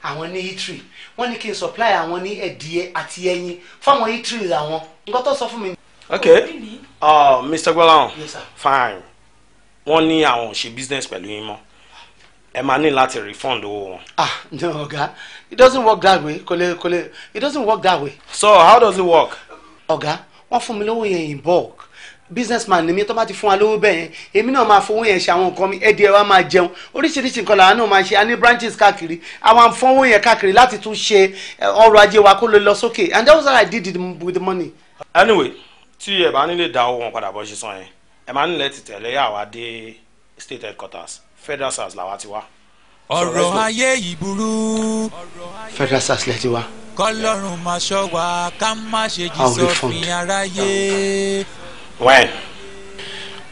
àwọn ní eatery wọ́n ní kí n supply àwọn ní ẹ̀dìyẹ àti ẹyin fáwọn eateries àwọn nǹkan tó sọ fún mi. ok oh, uh, Mr. Gbọ́láhàn yes, fine wọ́n ní àwọn ò ṣe business pẹ̀lú yín mọ́ ẹ máa ní láti refund owó wọn. ah no Oga. it doesn't work that way kò lè kò lè it doesn't work that way. so how does it work. Oga, wọ́n fún mi lówó yẹn in bulk businessman ni mi tó bá ti fún wa lówó bẹ́ẹ̀ yẹn èmi náà máa fowó yẹn ṣe àwọn nǹkan mi ẹ̀dì ẹ̀ wa máa jẹun oríṣiríṣi nǹkan làwọn náà máa ṣe a ní branches káàkiri àwọn afọwọ́ yẹn káàkiri láti tún ṣe eh, ọrọ̀ ajé wa kó lè lọ sókè and that was how I did it with the money. anyway tí ẹ bá nílé dá owó wọn padà bọ́ ṣe san yẹn ẹ máa nílẹ̀ ti tẹ̀lé àwa dé state headquarters federal sars làwa ti wá. ọ̀rọ̀ ayé yìí burú. federal sars lẹ ti wá. kọ́lọ́run máa ṣọ́ wa ká má ṣe jí sọ́fin aráyé when.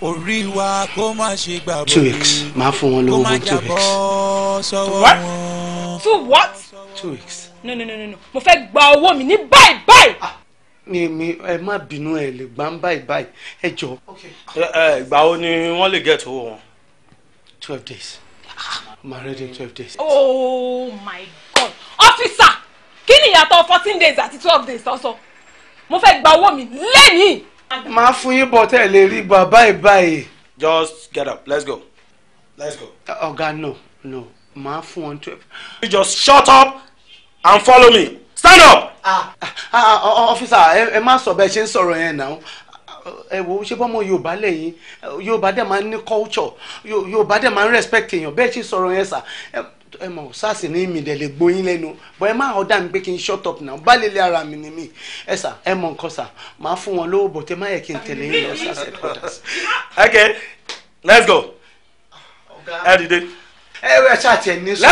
orí wa kó má ṣe gbà bọ́ two weeks máa fún wọn lówó fún two weeks. what two what. two weeks. no no no no mo fẹ́ gba owó mi ní báyìí báyìí. Ah, mi mi ẹ má bínú ẹ lè gbà ń báyìí báyìí ẹ jọ. ìgbà wo ni wọ́n lè get owó wọn. twelve days ah, ma ready in twelve days. oh my god officer kí ni ìyàtọ̀ fourteen days àti twelve days sọ́sọ́ mo fẹ́ gba owó mi lẹ́yìn máa fún yín bọ̀ tẹ́ ẹ lè rí bọ̀ báyìí báyìí. just get up let's go let's go. ọ̀gá no no máa fún wọn twelve. you just shut up and follow me stand up. ọfíìsà ah, ah, ah, ẹ má sọ bẹ́ẹ̀ ṣe ń sọ̀rọ̀ yẹn náà ẹ wo ṣé bọ́mọ yorùbá lẹ́yìn yorùbá dẹ̀ máa ń ní culture yorùbá dẹ̀ máa ń respect èèyàn bẹ́ẹ̀ ṣe sọ̀rọ̀ yẹn sà ẹ mọ̀ sars ní mi dẹ̀ gbóyin lẹ́nu bọ́ ẹ má ọ̀dà mi pé kí n shut up now bá lè ara mi ni mi ẹ sà ẹ mọ̀ nǹkan sà máa fún wọn lówó bọ̀ tẹ má yẹ kí n tẹ̀lé yín lọ sars headquarters. okay let's go ẹ dìde ẹ ẹ ṣáàtì ẹ ní sọ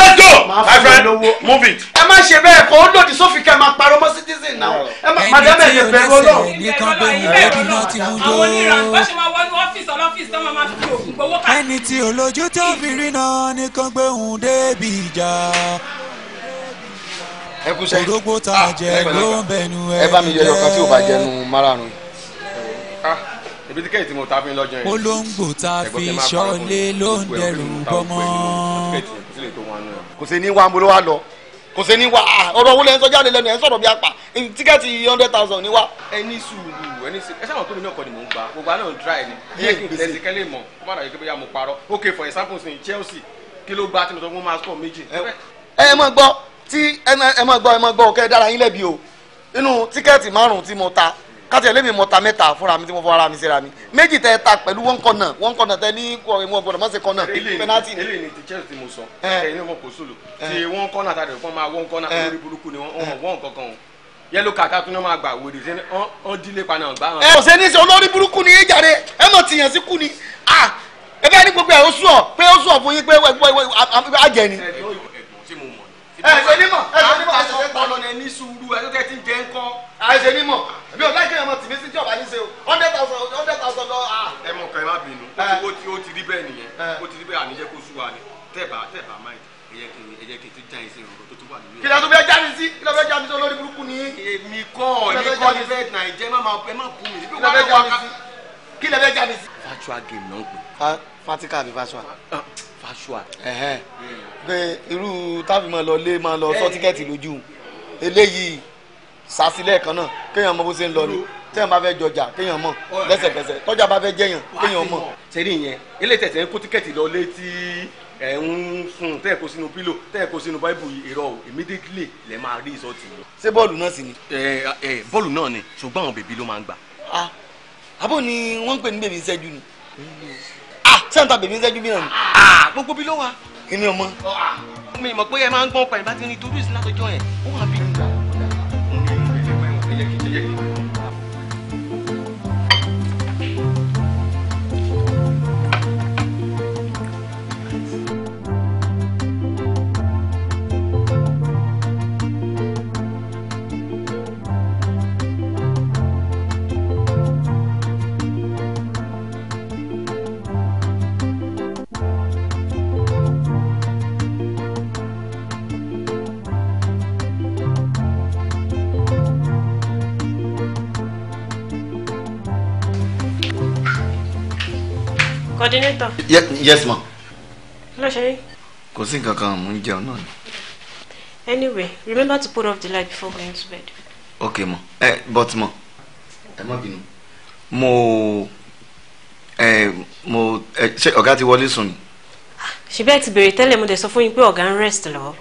máa fún mi lówó ẹ má ṣe bẹ́ẹ̀ kó ó lòdì sófin kẹ́ ẹ máa parọ́ mọ́ citizen náà ẹ má madam ẹ̀ lè bẹ̀rù ọlọ́run. ẹni tí ò ẹni tí olójú tó fi rí náà nìkan gbé òun débi ìjà òrógbó tá a ah, jẹ ló ń bẹnu ẹ jẹ. ẹ bá mi yọ ẹyọ kan tí ò bá jẹnu márààrún ibi tí kéètì mo ta fi lọ́jọ́ yẹn. olóńgbò ta fi ṣọ́lé ló ń dẹrù bọ́mọ́. kò sí ní wa mo ló wá lọ kò sí ní wa ọ̀rọ̀ owó lẹ́yìn sọ́jà lẹ́nu ẹ̀ ń sọ̀rọ̀ bí apà tíkẹ́ẹ̀tì hundred thousand ni wa. ẹni sùúrù ẹni sùúrù ẹ sábà tó mi náà kọ́ ni mò ń gbà gbogbo àná ń dra ẹ ni ẹ yẹ kí n tẹ̀sí kẹ́lẹ́ mọ̀ kó má dàbí pé bóyá mo parọ́ ok for example sin Chelsea kí ló gba tí mo sọ fún máa score méjì. ẹ ẹ mọ gbọ́ tí ẹ mọ gbọ́ ẹ mọ gbọ́ kẹ́ dára yín lẹ́bi o inú tíkẹ́ẹ̀tì márùn-ún tí mo ta káti ẹ̀ lémi mọ̀ta mẹ́ta fúnra mi tí mo fọ ara mi síra mi méjì tẹ ta pẹ̀lú wọ́n kọ́ náà wọ́n kọ́ náà tẹ ní kọ́ ẹ̀mú ọgbọ́dọ̀ mọ́sẹ̀ kọ́ náà pẹ́nátì ni. eléyìí ni ti chelsea ti mo sọ ẹ̀yin ni mo kò sólò ti wọ́n kọ́ náà tàdé fún ma wọ́n kọ́ náà lórí burúkú ni wọ́n wọ́n kankan o yẹlo kàtà tún ní wọn àgbà wòlé ṣe ọ́n dílé pa náà gbá wọn. ẹ ọ̀sẹ̀ ní sọ olórí burúkú ni yéé jáde ẹ mọ̀ tìyàn sí kú ni ẹ bẹ́ẹ̀ ni gbogbo ẹ̀ ó sùn ọ̀ pé ó sùn ọ̀ fún yín pé àjẹ́ ni ẹsẹ nímọ ẹsẹ nímọ ẹsẹ nímọ ẹsẹ nímọ mi ò láìpẹ́ ọmọ tìmí sí tí ọba ní ṣe o hundred thousand hundred thousand lọ. Ah. ẹ mọ kan má bínú ó ti ó ti rí bẹ́ẹ̀ nìyẹn eh. ó ti rí bẹ́ẹ̀ àníjẹ́ kó sú wa ni tẹ́ẹ̀bà tẹ́ẹ̀bà máa ẹ̀yẹ kí ẹ̀yẹ kí n tún já ẹ sí tó tún wà nínú ẹ̀. kí ló já mi sí kí ló já mi sí olórí burúkú ni. èmi kọ́ èmi kọ́ ni fẹ́ nàìjẹ́ má má bù mí. kí ló já mi sí kí ló já mi sí. fatua game náà pè. fatika àbí fatua. Ah, ah, fatua. pé irú tábìmọ̀ lọ lé máa lọ sọ tíkẹ́ẹ̀tì sàsílẹ̀ kan náà kéèyàn mọ bó ṣe ń lọ ni téèyàn bá fẹ́ jọjà kéèyàn mọ̀ lẹ́sẹ̀kẹsẹ̀ tọ́jà bá fẹ́ jẹ̀yàn kéèyàn mọ̀. sẹ́rí ìyẹn ilé tẹ̀sẹ̀ ń kó tíkẹ́ẹ̀tì lọ létí ẹ̀ ń fún tẹ́ẹ̀ kó sínú pílò tẹ́ẹ̀ kó sínú báìbù irọ́ o immediately lẹ́ máa rí ìsọ̀tì. ṣé bọ́ọ̀lù náà sì ni. ẹ ẹ bọ́ọ̀lù náà ni ṣùgbọ́n àwọn bèbí ló máa ń gbà. àbọ̀ ni wọ́n ń pè ní bèbí sẹ́jú ni. sẹ́ńtà bèbí sẹ́jú bí náà ni. gbogbo bí ló wà. èmi ò mọ. mi mọ̀ pé ẹ máa ń gbọ́n pa ìbá ti torí ìsìn látọjọ́ yẹn ó wà b Thank you. coordinator. yes ma. lọ Sherry. yín. kò sí nǹkan kan mò ń jẹun náà ni. anyway remember to put off the light before going to bed. okay ma eh, but ma ẹ má bínú mo ẹ mo ẹ ṣe ọ̀gá ti wọlé sùn ni. Ah, ṣebí ẹ ti béèrè tẹ́lẹ̀ mo dẹ̀ sọ fún yín pé ọ̀gá ń rest lọ́wọ́.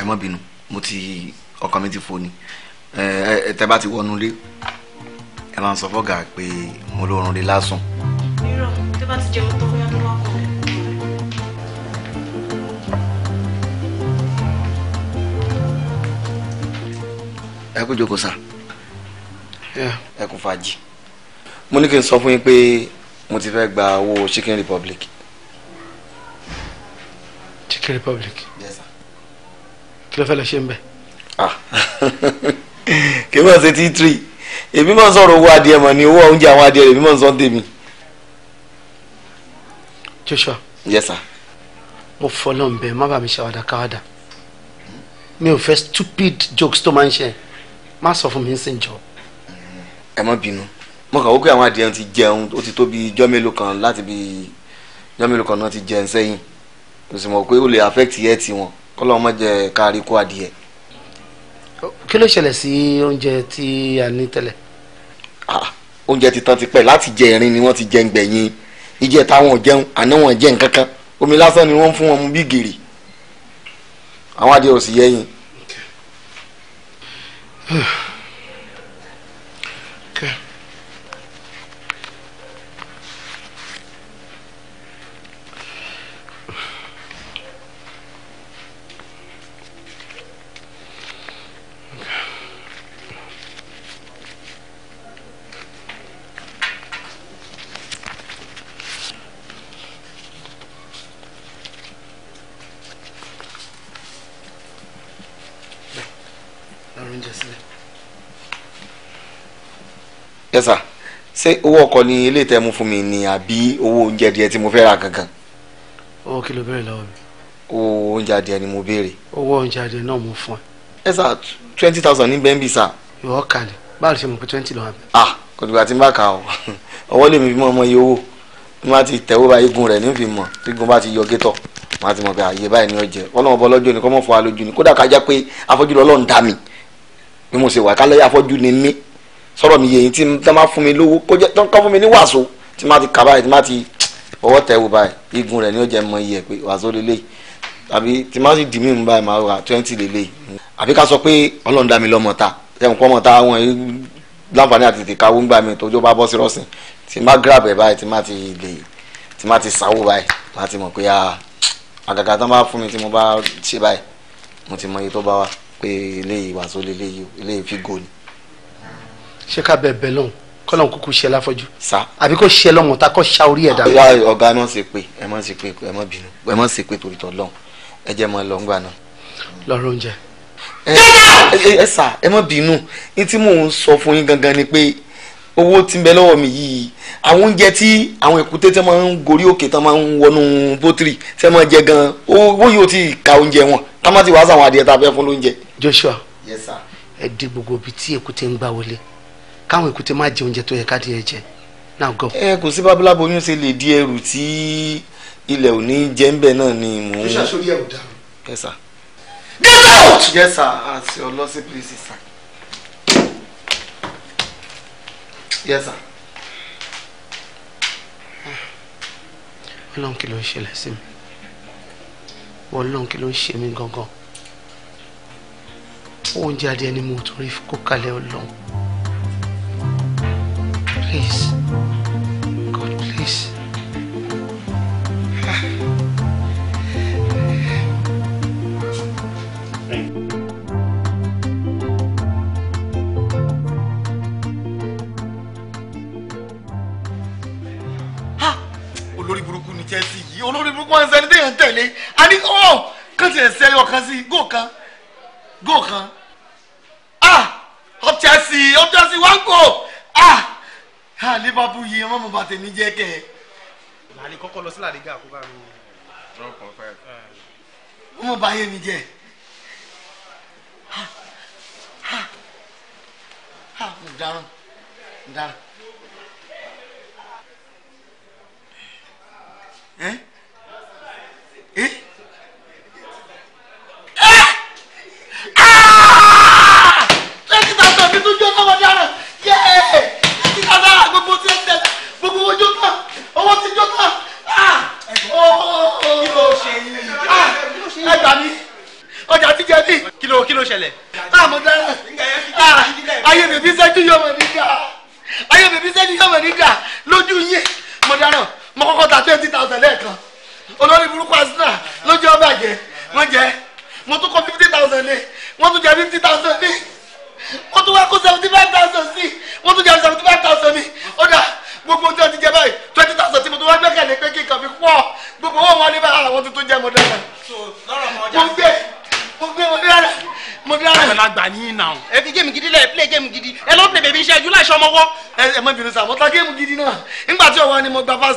ẹ má bínú mo ti ọkàn mi ti fò ni ẹ ẹ tẹ bá ti wọnú ilé ẹ máa ń sọ fọ́gà pé mo lóorun lé lásùn irọ́ tó bá ti jẹun tán bóyá tó bá kọ́ mi. ẹ kú jókòó sa. ẹ kú fàájì mo ní kí n sọ fún yín pé mo ti fẹ́ gba owó Chicken Republic. Chicken Republic. Yes sir. kí ló fẹ́ lọ ṣe ń bẹ̀. Ah. kí n bá ṣe tí tírì èmi máa ń sọ̀rọ̀ owó adìẹ mọ̀ ní owó oúnjẹ àwọn adìẹ rẹ̀ èmi máa ń sọ ń tèmi. Joshua. yes sir. mo fọlọ́ ń bẹ má bàa mi ṣàwádà káwádà mi ò fẹ́ stupid jokes tó máa ń ṣe má sọ fún mi ń sìn jọ. ẹ má bínú mo kàn wó pé àwọn adìyẹ ti jẹun ó ti tó bí mélòó kan láti bi ijọ́ mélòó kan náà ti jẹun sẹ́yìn kò sì mọ̀ pé ó lè affect yẹ́ ti wọn kọ́ lọ́wọ́ má jẹ kárí kó adìyẹ. kí ló ṣẹlẹ̀ sí oúnjẹ tí a ní tẹ́lẹ̀. Ah, oúnjẹ ti ti pẹ́ láti jẹ irin ni wọ́n ti jẹ ń gbẹ̀yìn ìjẹ táwọn jẹun àná wọn jẹ nǹkan omi lásán ni wọ́n fún wọn mu bí gèrè àwọn adìẹ ò sì yẹ yín. yes sir ṣé owó ọkọ ni ilé tẹ mú fún mi ni àbí owó oúnjẹ díẹ̀ tí mo fẹ́ ra gangan. owó kí ló béèrè lọ́wọ́ mi. owó oúnjẹ adìẹ ni mo béèrè. owó oúnjẹ adìẹ náà mo fún ẹ. ẹ sà twenty thousand ní bẹ́ńbì sà. ìwọ kà ní báwo ṣe mọ̀ pé twenty lọ́wọ́ mi. ah kò dùgbà tí n bá kà ọ ọwọ́ lèmi fi mọ ọmọ iye owó ní wọ́n ti tẹ̀wé bá igun rẹ̀ ní fi mọ̀ tí igun bá ti yọ gétọ̀ wọ́n ti mọ̀ pé àyè ah, báyìí ni ó jẹ́ ọlọ́mọbọ lọ́jọ́ ni kọ́mọ́ fún wa lójú ni kódà ká jẹ́ pé afọ́jú lọ́lọ́run dá mi bí mo ṣe wà kálẹ̀ afọ́jú ni mí sọ̀rọ̀ mi yẹ yín tí wọ́n máa fún mi lówó kó jẹ́ tó ń kọ́ fún mi ní wàásù tí wọ́n ti kà báyìí tí wọ́n ti ọwọ́ tẹ̀ wò báyìí igun rẹ̀ ni ó jẹ́ mọ iye pé wàásù lélẹ̀ àbí tí wọ́n ti dì mí mú báyìí máa wà twenty lélẹ̀ àbí ká sọ pé ọlọ́run dá mi lọ́mọ ta ẹ̀hún kọ́ mọ̀ ta wọn láǹfààní àti tètè káwó ńgbà tójú bá bọ́ sí rọ́ọ̀sìn tí má grab ẹ̀ báyìí tí má ti lè tí má ti sáwó báyìí láti mọ̀ pé ah, àgàgà tán bá tí wa pé eléyìí wàásù lélẹ́yìí eléyìí ṣé ká bẹ bẹ lọ́hùn kọ́lọ́hún kúkú ṣe láfọ́jú. sa àbí kò ṣe lọ́mọ ta kọ́ ṣa orí ẹ̀ dànù. wá ọ̀gá náà ṣe pé ẹ má ṣe pé ẹ má bínú ẹ má ṣe pé torí tọ́ lọ́hùn ẹ jẹ́ mọ́ lọ́ngbà náà. lọ́rọ̀ oúnjẹ. ẹ sà ẹ má bínú ní tí mò ń sọ fún yín gangan ni pé owó tí ń bẹ lọ́wọ́ mi yìí àwọn oúnjẹ tí àwọn èkúté tí wọ́n gorí òkè tí wọ́n wọnú bótìrì tí wọ́n jẹ gan owó yóò ti ka oúnjẹ wọn tá má ti wá sáwọn adìẹ tá a fẹ́ fún lóúnjẹ. Joshua ẹ di gbogbo ibi tí èkúté ń gbà wọlé káwọn èkúté má jẹ oúnjẹ tó yẹ káàdì ẹ jẹ now go. ẹ kò sí bábúlá boyún ṣe lè di ẹrù tí ilẹ̀ ò ní jẹ́ ń bẹ̀ náà ni mò ń. ìṣàṣọrí ẹ̀rù dàrú. yes sir. get out. yes sir àti ọlọ́sìn please sir. yes sir. ọlọ́run kí ló ń ṣẹlẹ̀ sí mi ọlọ́run kí ló ń ṣe mí gangan oúnjẹ adìẹ ni mo torí kó kalẹ̀ ọlọ́run please. God, please. Ha. olórí burúkú ni Chelsea yìí olórí burúkú wọn ń sẹni déyàn tẹ̀lé a ní ọ kàn ti ẹsẹ ẹyọ kan sí i góò kan Go kan ah ọ Chelsea ọ Chelsea wá go. ah ha liverpool yìí ọmọ mo bàtẹ mi jẹ kẹ. làlẹ kọ́kọ́ lọ sí làdígà kó bá mi. Eh. ọmọ bá yẹ mi jẹ. ha ha ha mo dáràn mo eh?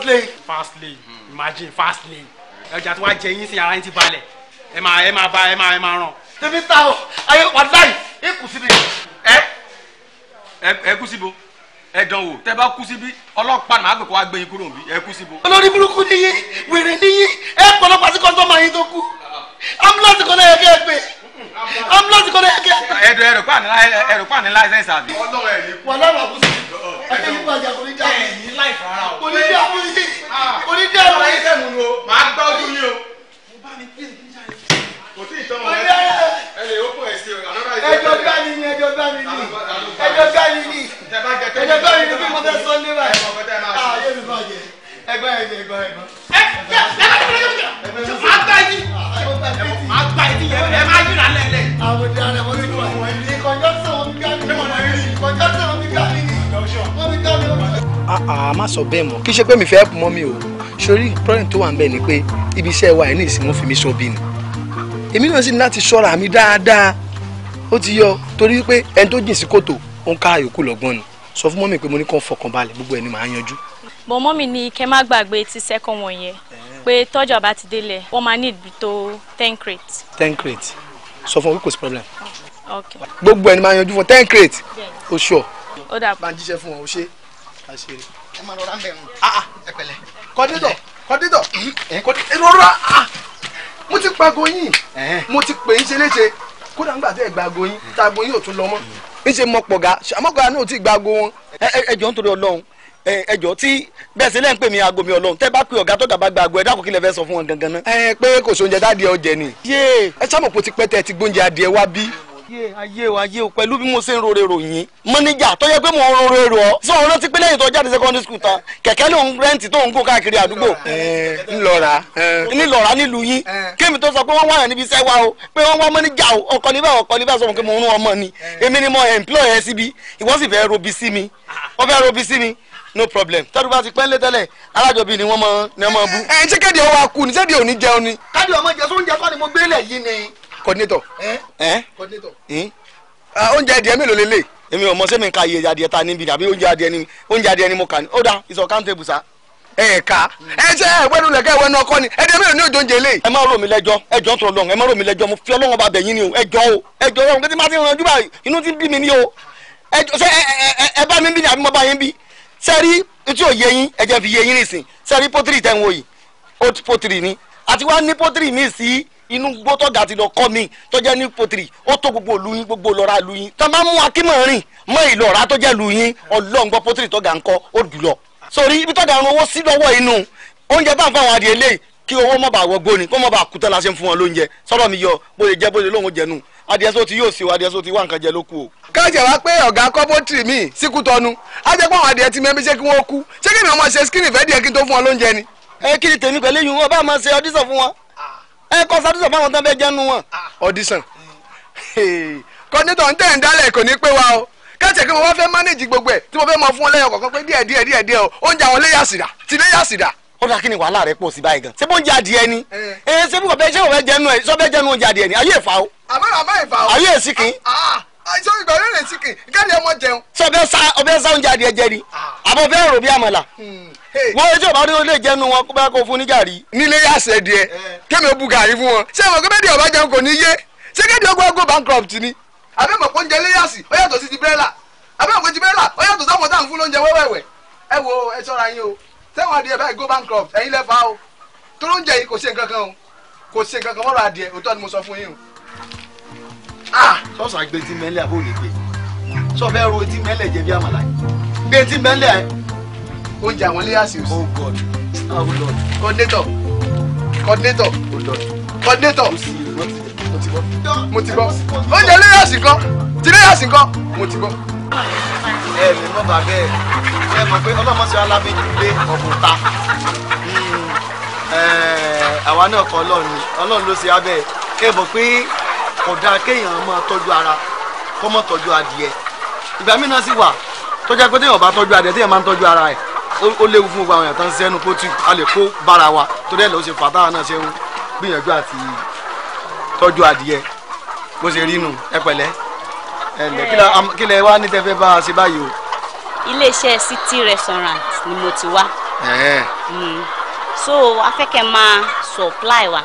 fast lane. fast lane imagine fast lane ẹja tó wá jẹ yín sí ara yín ti balẹ̀ ẹ máa ẹ máa ba ẹ máa ẹ máa ràn. tèmi ta o ayé wà láì ẹ kù síbi. ẹ ẹ kú síbo ẹ dán wò tẹ bá kú síbi ọlọ́pàá náà àgbẹ̀kọ́ wa gbé yín kúrò níbí ẹ kú síbo. olórí burúkú ni yín wèrè ni yín ẹ pọ̀lọpọ̀ sí kọ́ńtọ́mà yín tó kú ambulance kan náà yẹ kí ẹ gbé ambulance kan náà yẹ kí ẹ gbé. ẹ̀rọ ẹ̀rọ pàní láìsẹ̀nsì àbí. ọlọ́run ẹ̀ ní. wàhálà wà kú síbi. ẹ láì fún ara o. kò ní dé àwọn ah. yìí kò ní dé àwọn yìí sẹ́mu ni o màá gbá ojú yín o. mo bá mi pín ìpín jáde. kò tí ì tán wọn ẹ lè ókun ẹ sí o. ẹjọ gbá mi ni ẹjọ gbá mi ni ẹjọ gbá mi ni ẹjọ gbá mi ni bí mo fẹ́ sọ ní báyìí. ayé ah, mi bá jẹ ẹgbẹ́ ẹgbẹ́ ẹgbẹ́ ẹgbẹ́. ẹ ẹ ẹ má tẹ̀lé ẹ má tẹ̀lé ẹ má ah, gbá yín. ẹ má gbá yín ẹ má yín lálẹ́ lẹ́. àwọn ọmọdé àá má sọ bẹ́ẹ̀ mọ́ kí ṣe pé mi fẹ́ mọ́ mi o sori problem tó wà ń bẹ̀ ni pé ibi iṣẹ́ wa ẹ̀ ní ìsìn wọn fi mi sọ bí ni èmi náà sì ní láti ṣọ́ra mi dáadáa ó ti yọ torí pé ẹni tó jìn sí kòtò ó ń ká àyòkù lọ́gbọ́n ni sọ fún mọ́mì pé mo ní kàn fọkàn balẹ̀ gbogbo ẹni màá yanjú. bọ̀ mọ́mì ni kẹ́ má gbàgbé ti sẹ́kọ̀n wọn pé tọ́jú ọba ti délẹ̀ wọ́n máa ní ibi tó ten crate. ten crate sọ fún wọn pé kò sí problem. gbogbo ẹni màá yanjú fún ten crate O ṣọ. ó dà bá ń jíṣẹ́ fún wọn ó ṣe àṣírí. ẹ máa rọra ń bẹ̀rù. Ah, ah. ẹ pẹ̀lẹ́. kọ́dítọ̀ kọ́dítọ̀ kọ́dítọ̀ rọra mo ti pa goyin mo ti pè é ṣe léṣe kódà ńgbà tẹ́ ẹ gba ago yín tá ago yín ò tún lọ mọ́. ń ṣe mọ pọ̀gá àmọ́gà náà ò tí ì gba ago wọn. ẹjọ́ ń torí ọlọ́run ẹjọ́ tí bẹ́ẹ̀ sílẹ̀ ń pè mí aago mi ọlọ́run tẹ́ bá pe ọ̀gá tó dàbá gba ago ẹ dákun kí lè fẹ́ sọ fún wọn gangan náà. ẹ pé kò sóúnjẹ dáadé ọjẹ ni. yéè ẹ sábà kò ti pẹ́ tẹ́ ẹ ti gbóúnjẹ adìẹ wá bí ayé ayé o ayé o pẹ̀lú bí mo ṣe ń rore ròyìn mọ́níjà tó yẹ pé mo ń rore rò ọ́ sọ wọn rántí pé lẹ́yìn tó jáde secondary school tán kẹ̀kẹ́ ló ń rẹ́ǹtì tó ń gò káàkiri àdúgbò. ńlọra ńlọra nílùú yín kémi tó sọ pé wọ́n wáyà níbi iṣẹ́ wa o pé wọ́n wá mọ́níjà o ọkọ níbẹ̀ ọkọ níbẹ̀ sọ pé mo ń rún ọmọ ni èmi ni mo employ ẹ síbi ìwọ sì fẹ́ robi sí mi wọ́n fẹ́ robi sí mi no problem tọ́dún bá ti pẹ́ lé tẹ́lẹ̀ alájọbí ni wọ́n mọ ní ọmọ bú. ẹ ẹ ṣé kéde ọwọ́ akú ni ṣé kéde òní jẹun ni. káde ọmọ jẹ sóúnjẹ sọ́ni mo gbélé yìí ni coordinator. Eh? Eh? coordinator. Hmm? Ah, oúnjẹ ẹdìẹ mélòó lélẹ̀. èmi ò mọ sẹ́mi ka iye adìẹ ta níbi àbí oúnjẹ adìẹ ni oúnjẹ adìẹ ni mo kà ní. ó dà it's accountable sir. ẹ ká ẹ ṣe ẹgbẹ́nu lẹ̀kẹ́ ẹ̀wẹ́nu ọkọ ni ẹdìẹ mélòó ni òjò ń jẹ lé. ẹ má rò mí lẹ́jọ́ ẹjọ́ tó lọ́n ẹ má rò mí lẹ́jọ́ mo fi Ọlọ́run bá bẹ̀yìn ni o ẹjọ́ o ẹjọ́ Ọlọ́run kẹ́tí má ti rànjú báyìí inú ti bí mi ni o ẹjọ́ ṣé ẹ bá mi ni àbí ni àti wá inú gbó tọ́gà ti lọ kọ́ mi tọ́jẹ́ ní potiri ó tó gbogbo ìlú yín gbogbo lọ́ra ìlú yín tọ́ máa mú akímọ̀ rìn mọ́ ìlọ́ra tọ́jẹ́ ìlú yín ọlọ́ngbọ́ potiri tọ́gà ń kọ́ ó dùlọ. sori ibi tọ́gà ń owó sí lọ́wọ́ inú oúnjẹ bá ń fáwọn adìẹ lé kí owó mọ̀ bá wọ gbóni kó mọ̀ bá kú tán ṣe ń fún wọn lóúnjẹ sọ́dọ̀ mi yọ bó lè jẹ́ bó lè lóhun jẹnu adìẹ sọ ti yóò sí o adìẹ sọ ti wá nǹkan jẹ ló kú o. kájẹ wá pé ọ̀gá kọ́bọ̀tì mi síkú tọnu á jẹ́ pé àwọn adìẹ ti mẹ́mí ṣé kí wọ́n kú ṣé kí ni ọmọ ṣe skinny fẹ́ díẹ̀ kí n tó fún wọn lóúnjẹ ni. ẹ kí ni tèmi pẹ̀lú yìí wọn bá máa ṣe ọdíṣàn fún wọn ẹ kọ sátúsọ fáwọn tán fẹ́ jẹ́nu wọn. Ah, audition kọ́ńdítọ̀ ń tẹ̀ ń dálẹ̀ kò ní pé wa o kẹ́tẹ̀ kí mo wá fẹ́ manage gbogbo ẹ̀ tí mo fẹ́ mọ fún ọ lẹ́yìn ọ̀kọ̀ọ̀kan pé díẹ̀ díẹ̀ díẹ̀ díẹ̀ o oúnjẹ àwọn léyà sìdá ti léyà sìdá. ó dà kí ni wàhálà rẹ pọ̀ sí báyìí gan ṣé bó eh. Eh, adìẹ ni ṣé bí kò fẹ́ ṣé kò fẹ́ jẹnu ẹ sọ fẹ́ jẹnu oúnjẹ adìẹ ni ayé ìfà o. àbẹ̀rẹ̀ àbẹ̀rẹ̀ ìfà o. ayé èsì àìsàn ìgbà yóò lè sikin káàdì ọmọ jẹun. sọ ọbẹ̀ sá ọbẹ̀ sá oúnjẹ adìẹ jẹ ni ah. àbọ̀ bẹ́ẹ̀ rò bí àmàlà. Hmm, wọ́n ojú ọ̀bá rí olè jẹ́nu wọn kó bá kó fún ní gàrí. nílé yà sẹ́ díẹ̀ eh. kémi ó bu gàrí fún wọn ṣé àwọn gómìnà ọba jẹun kò ní yé ṣé kéde ogun ogun bankrupt ni. àbẹ̀mọ̀ kó ń jẹ léyàsì ó yàtọ̀ sí ti bẹ́ẹ̀là àbẹ̀mọ̀ kó ti bẹ́ẹ̀là ó yàtọ̀ sáwọn táwọn fún lóúnjẹ wẹ́wẹ́wẹ́ ẹ wo ẹ ṣọ́ra yín o sẹ́wọ̀n adìẹ báyìí go bankrupt ẹ̀yin lẹ́fà o tó lóúnjẹ yìí kò ṣe nǹkan o kò ṣe nǹkan kan mọ́ra adìẹ òótọ́ ni mo sọ fún yín o. Ah, sọ́ọ̀sì àgbẹ̀ tí mẹ́lẹ̀ àbò lè gbé sọ fẹ́ ro etí mẹ́lẹ̀ jẹ bí àmàlà gbé etí mẹ́lẹ̀ oúnjẹ àwọn ilé àṣẹ òsì. oh god ah, oh lord. coordinator coordinator oh lord coordinator mo ti gbọ́ oúnjẹ ilé àṣẹ kan ti ilé àṣẹ kan mo ti gbọ́. ẹ mi mọ bàbá ẹ ẹ mọ pé ọlọmọ sí alábẹjú gbé ọkùnta àwa náà kọ Ọlọ́run Ọlọ́run ló ṣe abẹ ẹ mọ pé kódà kéèyàn máa tọ́jú ara kó má tọ́jú adìẹ ìgbà mí náà sì wà tọ́jà pé téèyàn bá tọ́jú adìẹ téèyàn máa ń tọ́jú ara ẹ̀ ó léwu fún gbogbo àwọn èèyàn tó sẹ́nu kó tí a lè kó bára wa tó dẹ́ lọ́ọ́ ṣe fàtà náà ṣe ń gbìyànjú àti tọ́jú adìẹ bó ṣe rí nù ẹ pẹ̀lẹ́ ẹ kí lẹ wá ní tẹ́fẹ́ bá a ṣe báyìí o. iléeṣẹ́ city restaurant ni mo ti wá. Hmm. so afẹ́kẹ́ máa supply wa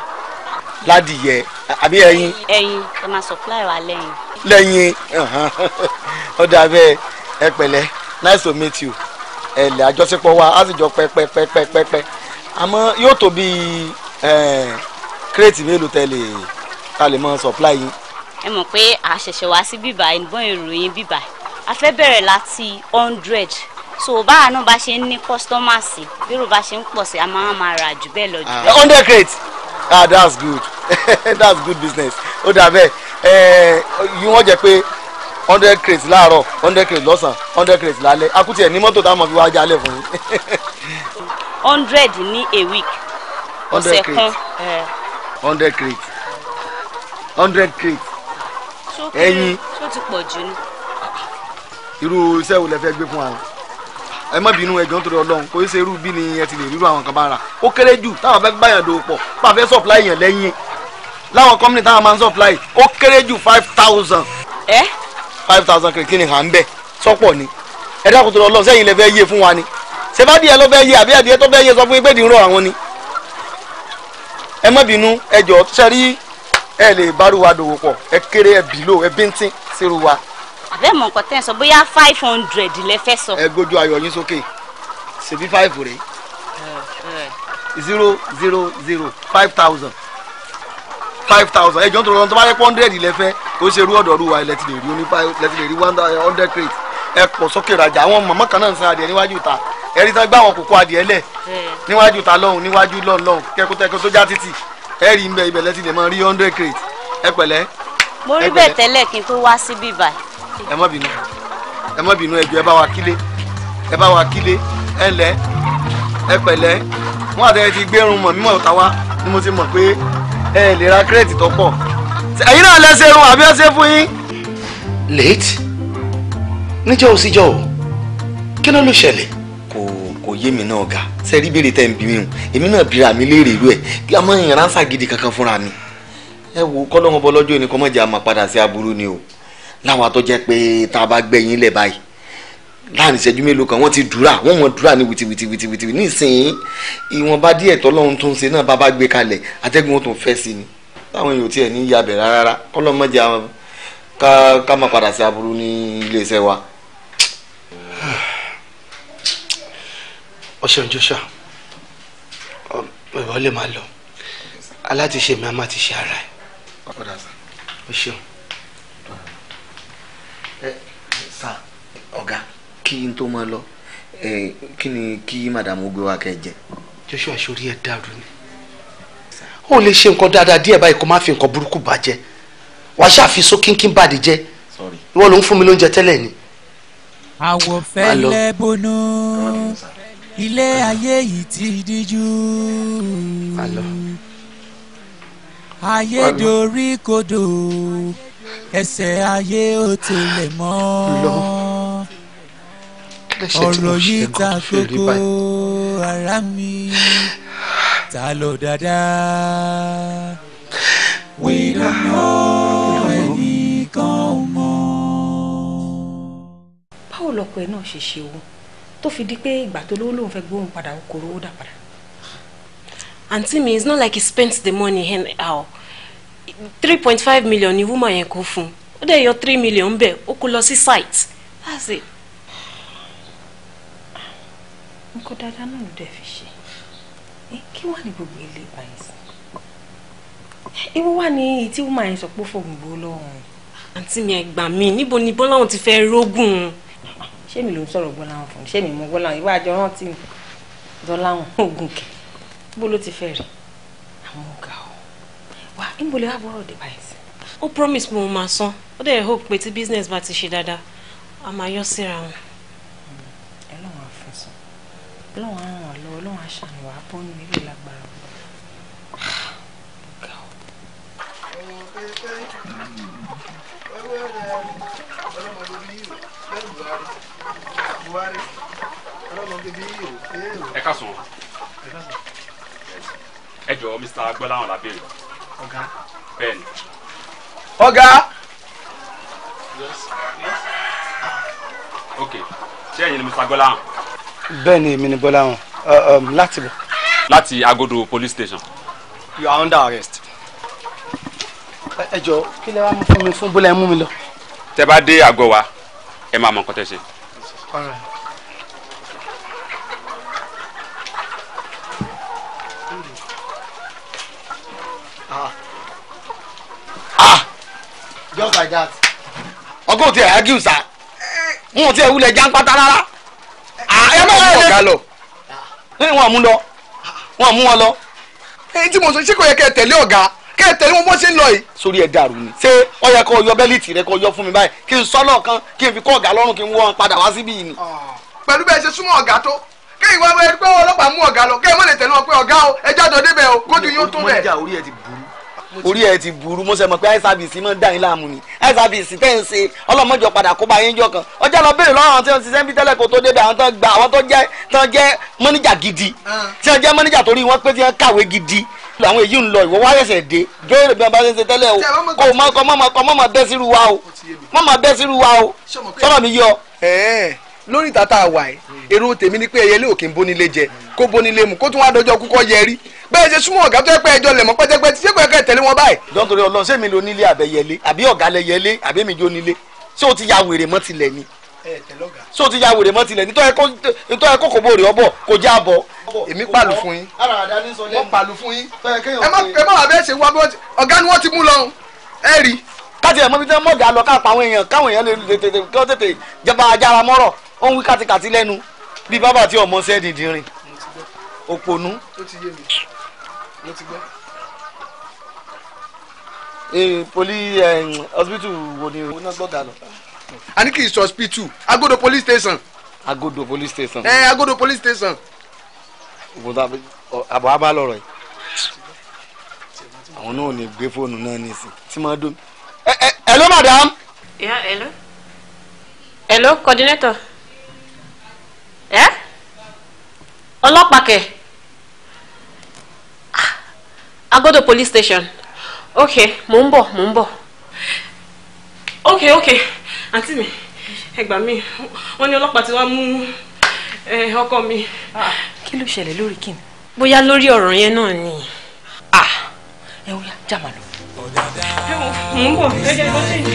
ládìyẹ àbí ẹyin. ẹyin ẹ máa supply wa lẹ́yìn. lẹ́yìn ó dà bẹ́ẹ̀ ẹ pẹ̀lẹ́ nice to meet you ẹ lẹ́ àjọṣepọ̀ wa á sì jọ pẹ́pẹ́pẹ́pẹ́pẹ́ àmọ́ yóò tó bíi kírètì mélòó tẹ́lẹ̀ ká lè mọ supply yín. ẹ mọ̀ pé a ṣẹ̀ṣẹ̀ wá sí bíbá ìbọn ìròyìn bíbá a fẹ́ bẹ̀rẹ̀ láti hundred so báwa náà bá ṣe ń ní customers bí irú bá ṣe ń pọ̀ sí a máa máa rà jù bẹ́ẹ̀ lọ jù ah. hundred crates ah that's good that's good business ó dà bẹ́ẹ̀ ẹ eh, yìí wọ́n jẹ́ pé hundred crates láàárọ̀ hundred crates lọ́sàn hundred crates lálẹ́ akutí ẹ̀ ní mọ́tò táwọn ọmọ fi wá jalè fún yín. hundred ní a week ọ̀sẹ̀ kan. Eh. hundred crates hundred crates ẹyin. ṣó ti pọ̀ jù ni. irú iṣẹ́ wo lẹ fẹ́ gbé fún wa ẹ má bínú ẹjọ́ nítorí ọlọ́run kò í ṣe irú bí ni ẹ ti lè rírú àwọn kan bá ra ó kéré jù táwọn fẹ́ báyàn dò pọ̀ bá fẹ́ supply yẹn lẹ́yìn láwọn company táwọn máa ń supply ó kéré jù five thousand. ẹ. five thousand kìrìkìrì hàn ń bẹ̀ sọ́pọ̀ ni ẹ dákun tó lọ́ọ́ sẹ́yìn lè fẹ́ yé fún wa ni sèbádìẹ ló fẹ́ yé àbí adìẹ tó fẹ́ yé sọ fún yín pé dì ń rọ àwọn ni ẹ má bínú ẹjọ́ sẹ́rí ẹ lè bárúwa dòwò pọ̀ ẹ kéré ẹ bìlò ẹ bíntín sírú wa àbẹ́ mọ̀ nǹkan tẹ́ ń sọ bóyá five hundred lẹ fẹ́ sọ. ẹ gbójú ayọ̀ yín sókè ṣèbí five rèé zero zero zero five thousand five thousand ẹjọ́ tó lọ́nà tó bá yẹ hundred ilẹ̀ fẹ́ kó ṣe irú ọ̀dọ̀ ọ̀rú wa ilẹ̀ ti lè rí oní five ilẹ̀ ti lè rí one hundred crate ẹ pọ̀ sókè rajà àwọn màmá kan náà ń san adìẹ níwájú ta ẹ̀rí tán gbá àwọn kòkó adìẹ lẹ̀ níwájú ta lọ́hùn níwájú lọ́hùn lọ́hùn kẹ́kọ́tẹ́kọ́ tó já títì ẹ rí ibẹ̀ ibẹ̀ lẹ́tì lè máa rí hundred crate ẹ pẹ̀lẹ́. mo rí bẹ́ẹ̀ tẹ́lẹ̀ kí n tó wá síbí báyìí ẹ má bínú ẹ má bínú ẹjọ ẹ bá wa kílé ẹ bá wa kílé ẹ lẹ ẹ pẹ̀lẹ́ wọn àtẹyẹ ti gbẹrun mọ mímọ ọta wa ni mo ti mọ pé ẹ lè ra kírẹ́ẹ̀tì tó pọ̀ ẹ̀yin náà lẹ́sẹ̀ irun àbí ọ̀sẹ̀ fún yín. late níjọ́ ò síjọ́ ò kí ló ló ṣẹlẹ̀. kò kò yé mi náà ga sẹ́rí béèrè tẹ́ ń bí mi hùn èmi náà bíra mi léèrè ìlú ẹ̀ kí a máa ń ránṣà gidi kankan fúnra mi. ẹ wo kọ́lọ́wọ́n bọ́ lọ́jọ́ ìní kọ́mọ́jà máa padà sí aburú ni o láwa tó jẹ́ pé tá a bá gbẹ̀yìn lẹ̀ báyìí láàrin ìṣẹ́jú mélòó kan wọ́n ti dúrà wọ́n mọ̀ dúrà ní wìtìwìtìwìtìwìtì nísìnyí ìwọ̀nba díẹ̀ tọ́lọ́run tó ń ṣe náà bàbá gbé kalẹ̀ atẹ́gùn tó ń fẹ́ sí ni táwọn èèyàn tiẹ̀ ní yabẹ̀ rárá ọlọ́mọdé ká má padà sí aburú ní iléeṣẹ́ wa. ọ̀sẹ̀ Joshua ọ̀rọ̀ lè máa lọ aláti ṣe mi a máa ti ṣe ara ẹ̀ o ṣeun. ọ̀gá. kí n tó máa lọ kí ni kí madam ó gbé jẹ. joshua sori ẹ dàrú ni ó lè ṣe nǹkan dáadáa díẹ̀ báyìí kó má fi nǹkan burúkú bàjẹ́ wàá ṣàfihàn kínkín bàdí jẹ́ ìwọ ló ń fún mi lóúnjẹ tẹ́lẹ̀ ni. àwọ̀ fẹ́lẹ́ bonú ilé ayé yìí ti díjú ayé dorí kodò ẹsẹ̀ ayé ò tó mọ́ ọ̀rọ̀ yìí ta kókó ara mi ta lọ dáadáa. we don't know ẹnìkan mọ́. báwo lọkọ ẹ náà ṣe ṣe owó tó fi di pé ìgbà tó lówó lòun fẹ́ gbóhùn padà ó dà padà. aunty mi it's not like he spent the money anyhow three point five million ni woman yẹn kó fún un ó dẹ̀ yọ three million bẹ́ẹ̀ ó kó lọ sí site that's it nǹkan dáadáa náà ló dẹ̀ fi ṣe kí wà ní gbogbo ilé báyìí sí ìwọ wà ní èyí tí wọ́n máa ń sọ pé fògùn gbó lọ́hùn. àǹtí mi ẹ̀gbà mi níbo ni bọ́láhùn ti fẹ́ rógùn. ṣé mi ló ń sọ̀rọ̀ gbọ́láhùn fún mi ṣé mi mọ gbọ́láhùn ìwà àjọ rántí mi dọ́láhùn oògùn kẹ̀ bó ló ti fẹ́ rí àwọn ọ̀gá o wà níbo lè wá bọ́rọ̀ dé báyìí sí. ó promise mo máa san ó dẹ̀ hope pé tí business bá ti ṣe dáadáa a ọlọ́run á ràn wá lọ́wọ́ ọlọ́run á ṣàánú wá bọ́ nínú ilé lágbára. ẹ ká sùn ẹ jọ mr agbọ́láhàn lábẹ́rẹ́ ọ̀gá bẹ́ẹ̀ ni. ọ̀gá. ok ṣé ẹ̀yin ni mr agbọ́láhàn bẹ́ẹ̀ ni èmi ni bọ́lá wọn láti bọ̀. láti agodo police station. you are under arrest. ẹ jọ kí lè wá mú fún mi fún bọ́lá ẹ mú mi lọ. tẹ bá dé àgọ́ wa ẹ máa mọ nǹkan tẹ ṣe. Ah! Ah! just like that. ọgọ́ òtí ẹ̀ ẹ́ gíùsà wọn ò tí ẹ̀ wúlẹ̀ jáńpátá rárá. Ah, ẹ má yára lé ọ̀gá lọ ní wọn mú lọ wọn mú wọn lọ. ẹyin tí mo sọ ṣé kò yẹ kẹ́ ẹ tẹ̀lé ọ̀gá kẹ́ ẹ tẹ̀lé wọn bó ṣe ń lọ yìí. sórí ẹ dàrú ni ṣé ó yẹ kó yọ bẹ́líìtì rẹ kó yọ fún mi báyìí kí n sọ́lọ̀ kan kí n fi kọ́ ọ̀gá lọ́rùn kí n wọ́n padà wá síbí yìí ni. Ah, pẹ̀lú bẹ́ẹ̀ ṣe súnmọ́ ọ̀gá tó kí ìwà ẹ pé ọlọ́pàá mú ọ̀gá lọ kí ẹ má lè tẹ̀lé wọn pé ọ̀gá o ẹ jáde ọdẹ bẹ́ẹ̀ o gójú yóò tó bẹ́ẹ̀. mo ń orí ẹ ti burú mo ṣe mọ̀ pé àìsàbìsì máa ń dà yín láàmú ni àìsàbìsì tẹ́ ń ṣe ọlọ́mọjọ padà kó bá yín jọ kan ọjọ́ lọ béèrè lọ́wọ́ àwọn tí wọ́n ti sẹ́ńbí tẹ́lẹ̀ kó tó débẹ̀ àwọn tó gba àwọn tó jẹ́ tó jẹ́ mọ́níjà gidi ah. tí wọ́n jẹ́ mọ́níjà torí wọ́n pé tí wọ́n kàwé gidi àwọn èyí ń lọ ìwọ wá ẹsẹ̀ dé béèrè bí wọ́n bá ṣe ń ṣe tẹ́lẹ̀ o kò má kọ́ mọ́ kọ́ mọ́ máa bẹ́ sírú wa o mọ́ máa bẹ́ sírú wa o sọ́nà mi yọ. lórí tata àwa ẹ èrò tèmi ni pé ẹyẹlé òkè ń bónílé jẹ kó bónílé mu kó tún wá dọjọ́ kúkọ yẹrí bẹ́ẹ̀ ṣe súnmọ́ ọ̀gá tó yẹ pé ẹjọ́ lẹ̀mọ́ pẹ́tẹ́pẹ́ ti ṣẹ́kọ̀ọ́ ẹ̀kẹ́ tẹ̀lé wọn báyìí. dọ́tòrí ọlọ́run ṣé mi ló nílé àbẹ̀yẹlé àbí ọ̀gá lẹ̀yẹlé àbí èmi jó nílé ṣé o ti ya wèrè mọ́ tilẹ̀ ni ṣé o ti ya wèrè mọ́ tilẹ̀ ni tọ́ ẹ kó kò bóore ọbọ̀ kò já bọ̀. èmi pàlù fún yín wọ́n pàlù fún yín ẹ má wà bẹ́ẹ̀ ṣe wá ọ̀gá ni wọ́n ti mú lọ ẹ rí. káti ẹ̀ mọ́ bí tẹ́ mọ́gà lọ káàpọ̀ àwọn èèyàn káwọn èèyàn lè tètè kí wọ́n tètè jẹba ajára mọ́rọ̀ ó ń wí kátikàti lẹ́nu bíi bábà tí ọmọ sẹ́ẹ̀dì dìrín òpònú. ó ti yé mi mo ti gbọ́. ee poli hospital wo ni. owó náà gbọ́dọ̀ lọ. a ní kì í sọ hospital agodo police station. agodo police station. ẹ agodo police station. ìbùdó àbọ̀ abá lọ̀rọ̀ yìí àwọn náà ò ní gbé fóònù náà nísìn tí máa dún. ẹ ẹ ẹ ló madam. Yeah, hello. Hello, coordinator. Ẹ? Eh? Ọlọ́pàá kẹ̀. I go to police station. Okay, mò ń bọ̀, mò ń bọ̀. Okay, okay, àǹtí mi, ẹ gbà mí, wọ́n ní ọlọ́pàá ti wá mú ọkọ mi. Ah. Kí ló ṣẹlẹ̀ lórí kí ni? Bóyá lórí ọ̀rọ̀ yẹn náà ni. Ah. Ẹ wúlá, já màá lọ. Ẹ wò, mò ń bọ̀, ẹ jẹ́ ìbọn ṣèyí.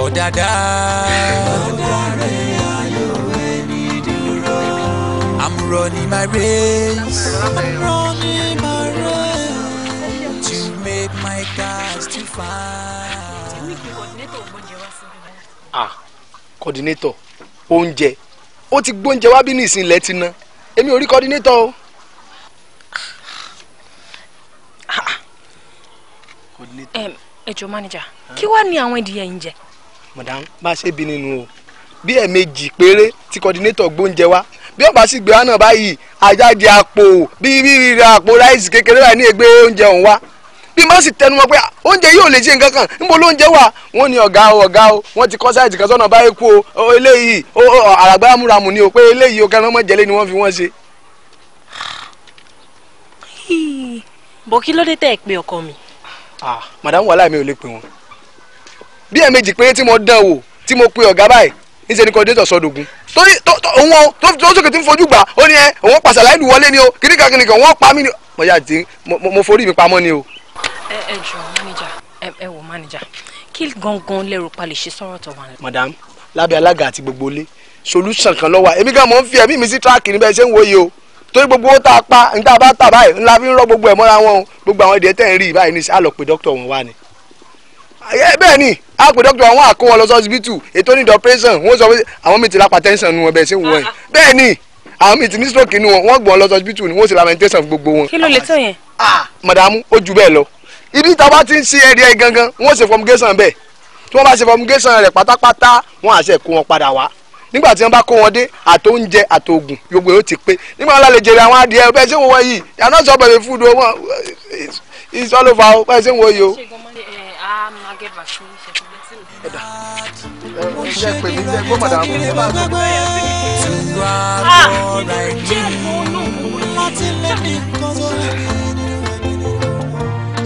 Ọ̀dàdà. Ọ̀dàdà running my race. I'm running my race to make my cars to find. ah coordinator oúnjẹ ó ti gbóúnjẹ wá bí nìsín ilẹ̀ ti ná èmi ò rí coordinator o. ẹ manager kí wàá ní àwọn ìdíyẹ yìí jẹ. madam bá a ṣe bí nínú o bí ẹ̀ẹ̀mejì péré tí coordinator gbóúnjẹ wá bí ó bá sì gbé wa náà báyìí àjáde àpò bíi rírà àpò ráìsì kékeré rà ní ẹgbẹ́ oúnjẹ òun wá bí má sì tẹnu mọ́ pé ah, oúnjẹ yìí ò lè ṣe nǹkan kan níbo lóúnjẹ wà wọ́n ní ọ̀gá o ọ̀gá o wọ́n ti kọ́ sáìtì kan sọ́nà báyìí kú o eléyìí o àràgbá múramù ni o pé eléyìí o kẹrin mọ́jẹ́lé ni wọ́n fi wọ́n ṣe. bọ́ kí ló dé tẹ́ ẹ pé ọkọ mi. Ah, madam wàhálà mi ò lè pè wọn bí ẹ̀ẹ̀mejì pé tí mo dán o, tí mo pe ọ̀gá báyìí níṣẹ́ ni kọ́ndétọ̀ sọdọ̀gùn torí òun tó sókè tí ń fojú gbà ó ní ẹ òun pàṣẹ láìlú wọlé ni o kìnnìkan kìnnìkan wọ́n pa mí ni mo yà dín mo forí mi pamọ́ ni o. ẹ ẹ jọ mánìjà ẹ wò mánìjà kí gangan lérò pa lè ṣe sọ̀rọ̀ tó wà. madam lábẹ́ alága àti gbogbo ilé solution kan lọ́wọ́ èmi gan mọ̀ ń fi ẹ̀mí mi sí tíráàkì níbẹ̀ ṣé ń wòye o torí gbogbo owó tá a pa níta bá tà báyìí ńlá fi ń rọ gbogbo ẹ̀ mọ́ra wọn o gbogbo àwọn ìdíyẹ tẹ̀ ń rí báyìí ní sí àlọ́pẹ̀ dókítà wọn wá ni bẹ́ẹ̀ ni a pè dókítà àwọn àkó wọn lọ sí ọsibítù ètò onídọ̀ pẹ́sàn wọ́n sọ pé àwọn míì ti lápá tẹ́sán nu wọn bẹ́ẹ̀ ṣé wọ́n yìí bẹ́ẹ̀ ni àwọn míì ti ní stroke nu wọn wọ́n gbọ́n lọ sí ọsibítù ni wọ́n sì lamentation gbogbo wọn. kí ló lè tó yẹn. Ah, màdàmú ó ju bẹ́ẹ̀ lọ ibi tá a bá ti ń ṣe ẹ̀rí ẹ̀ gangan wọ́n ṣe fọmugẹ́sàn bẹ́ẹ̀ tí wọ́n bá ṣe fọmugẹ́sàn rẹ̀ pátápátá wọ́n àṣẹ kó wọn padà wá nígbà tí wọn bá kó wọn dé àtò oúnjẹ àtò oògùn gbogbo yóò ti pé nígbà wọn lè jèrè àwọn adìẹ bẹ́ẹ̀ ṣé wọn wọ yìí yàrá sọ bẹbẹ fúdu wọn ìsọlùfà bẹ́ẹ̀ ṣé wọn yìí o. ṣe gan mọ́lẹ̀ ẹ̀ á ṣe pè mí jẹ́ kó padà mú un ah!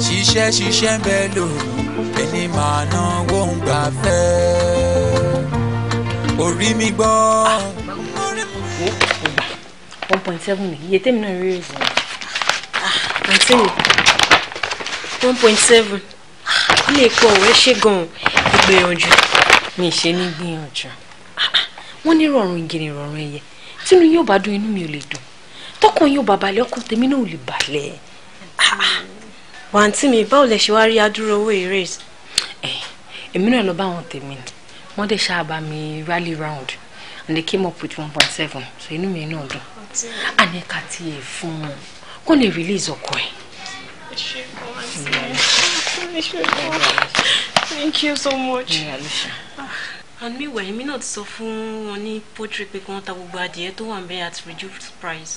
ṣiṣẹ́ ṣiṣẹ́ ń bẹ lò ẹni màá náwó ń gbà fẹ́ orí mi gbọ́. Ah! one point seven ni iye tẹ́mi náà rí rẹ̀ sí. Ah! àǹtí one point seven ilé ìkọ́ ọ̀rẹ́ ṣe gan-an ìgbìyànjú mi ṣe ní gbìyànjú wọ́n ní rọrùn ìgèrè rọrùn ẹyẹ tínú yóò bá dùn inú mi ò lè dùn tọkàn yóò bá balẹ̀ ọkàn tèmi náà ò lè balẹ̀. wàǹtí mi báwo lẹ ṣe wá rí adúrò owó eré. èmi náà lọ bá àwọn tèmi ni wọ́n dẹ̀ ṣáà mi rally round and they came up with one point seven so inú mi náà dùn àníkà tí è fún un kó lè release ọkọ ẹ̀. Thank you so much. Yeah, and meanwhile èmi náà ti sọ fún wọn ní poultry pé kí wọ́n ta gbogbo adìẹ tó wà ń at reduced price.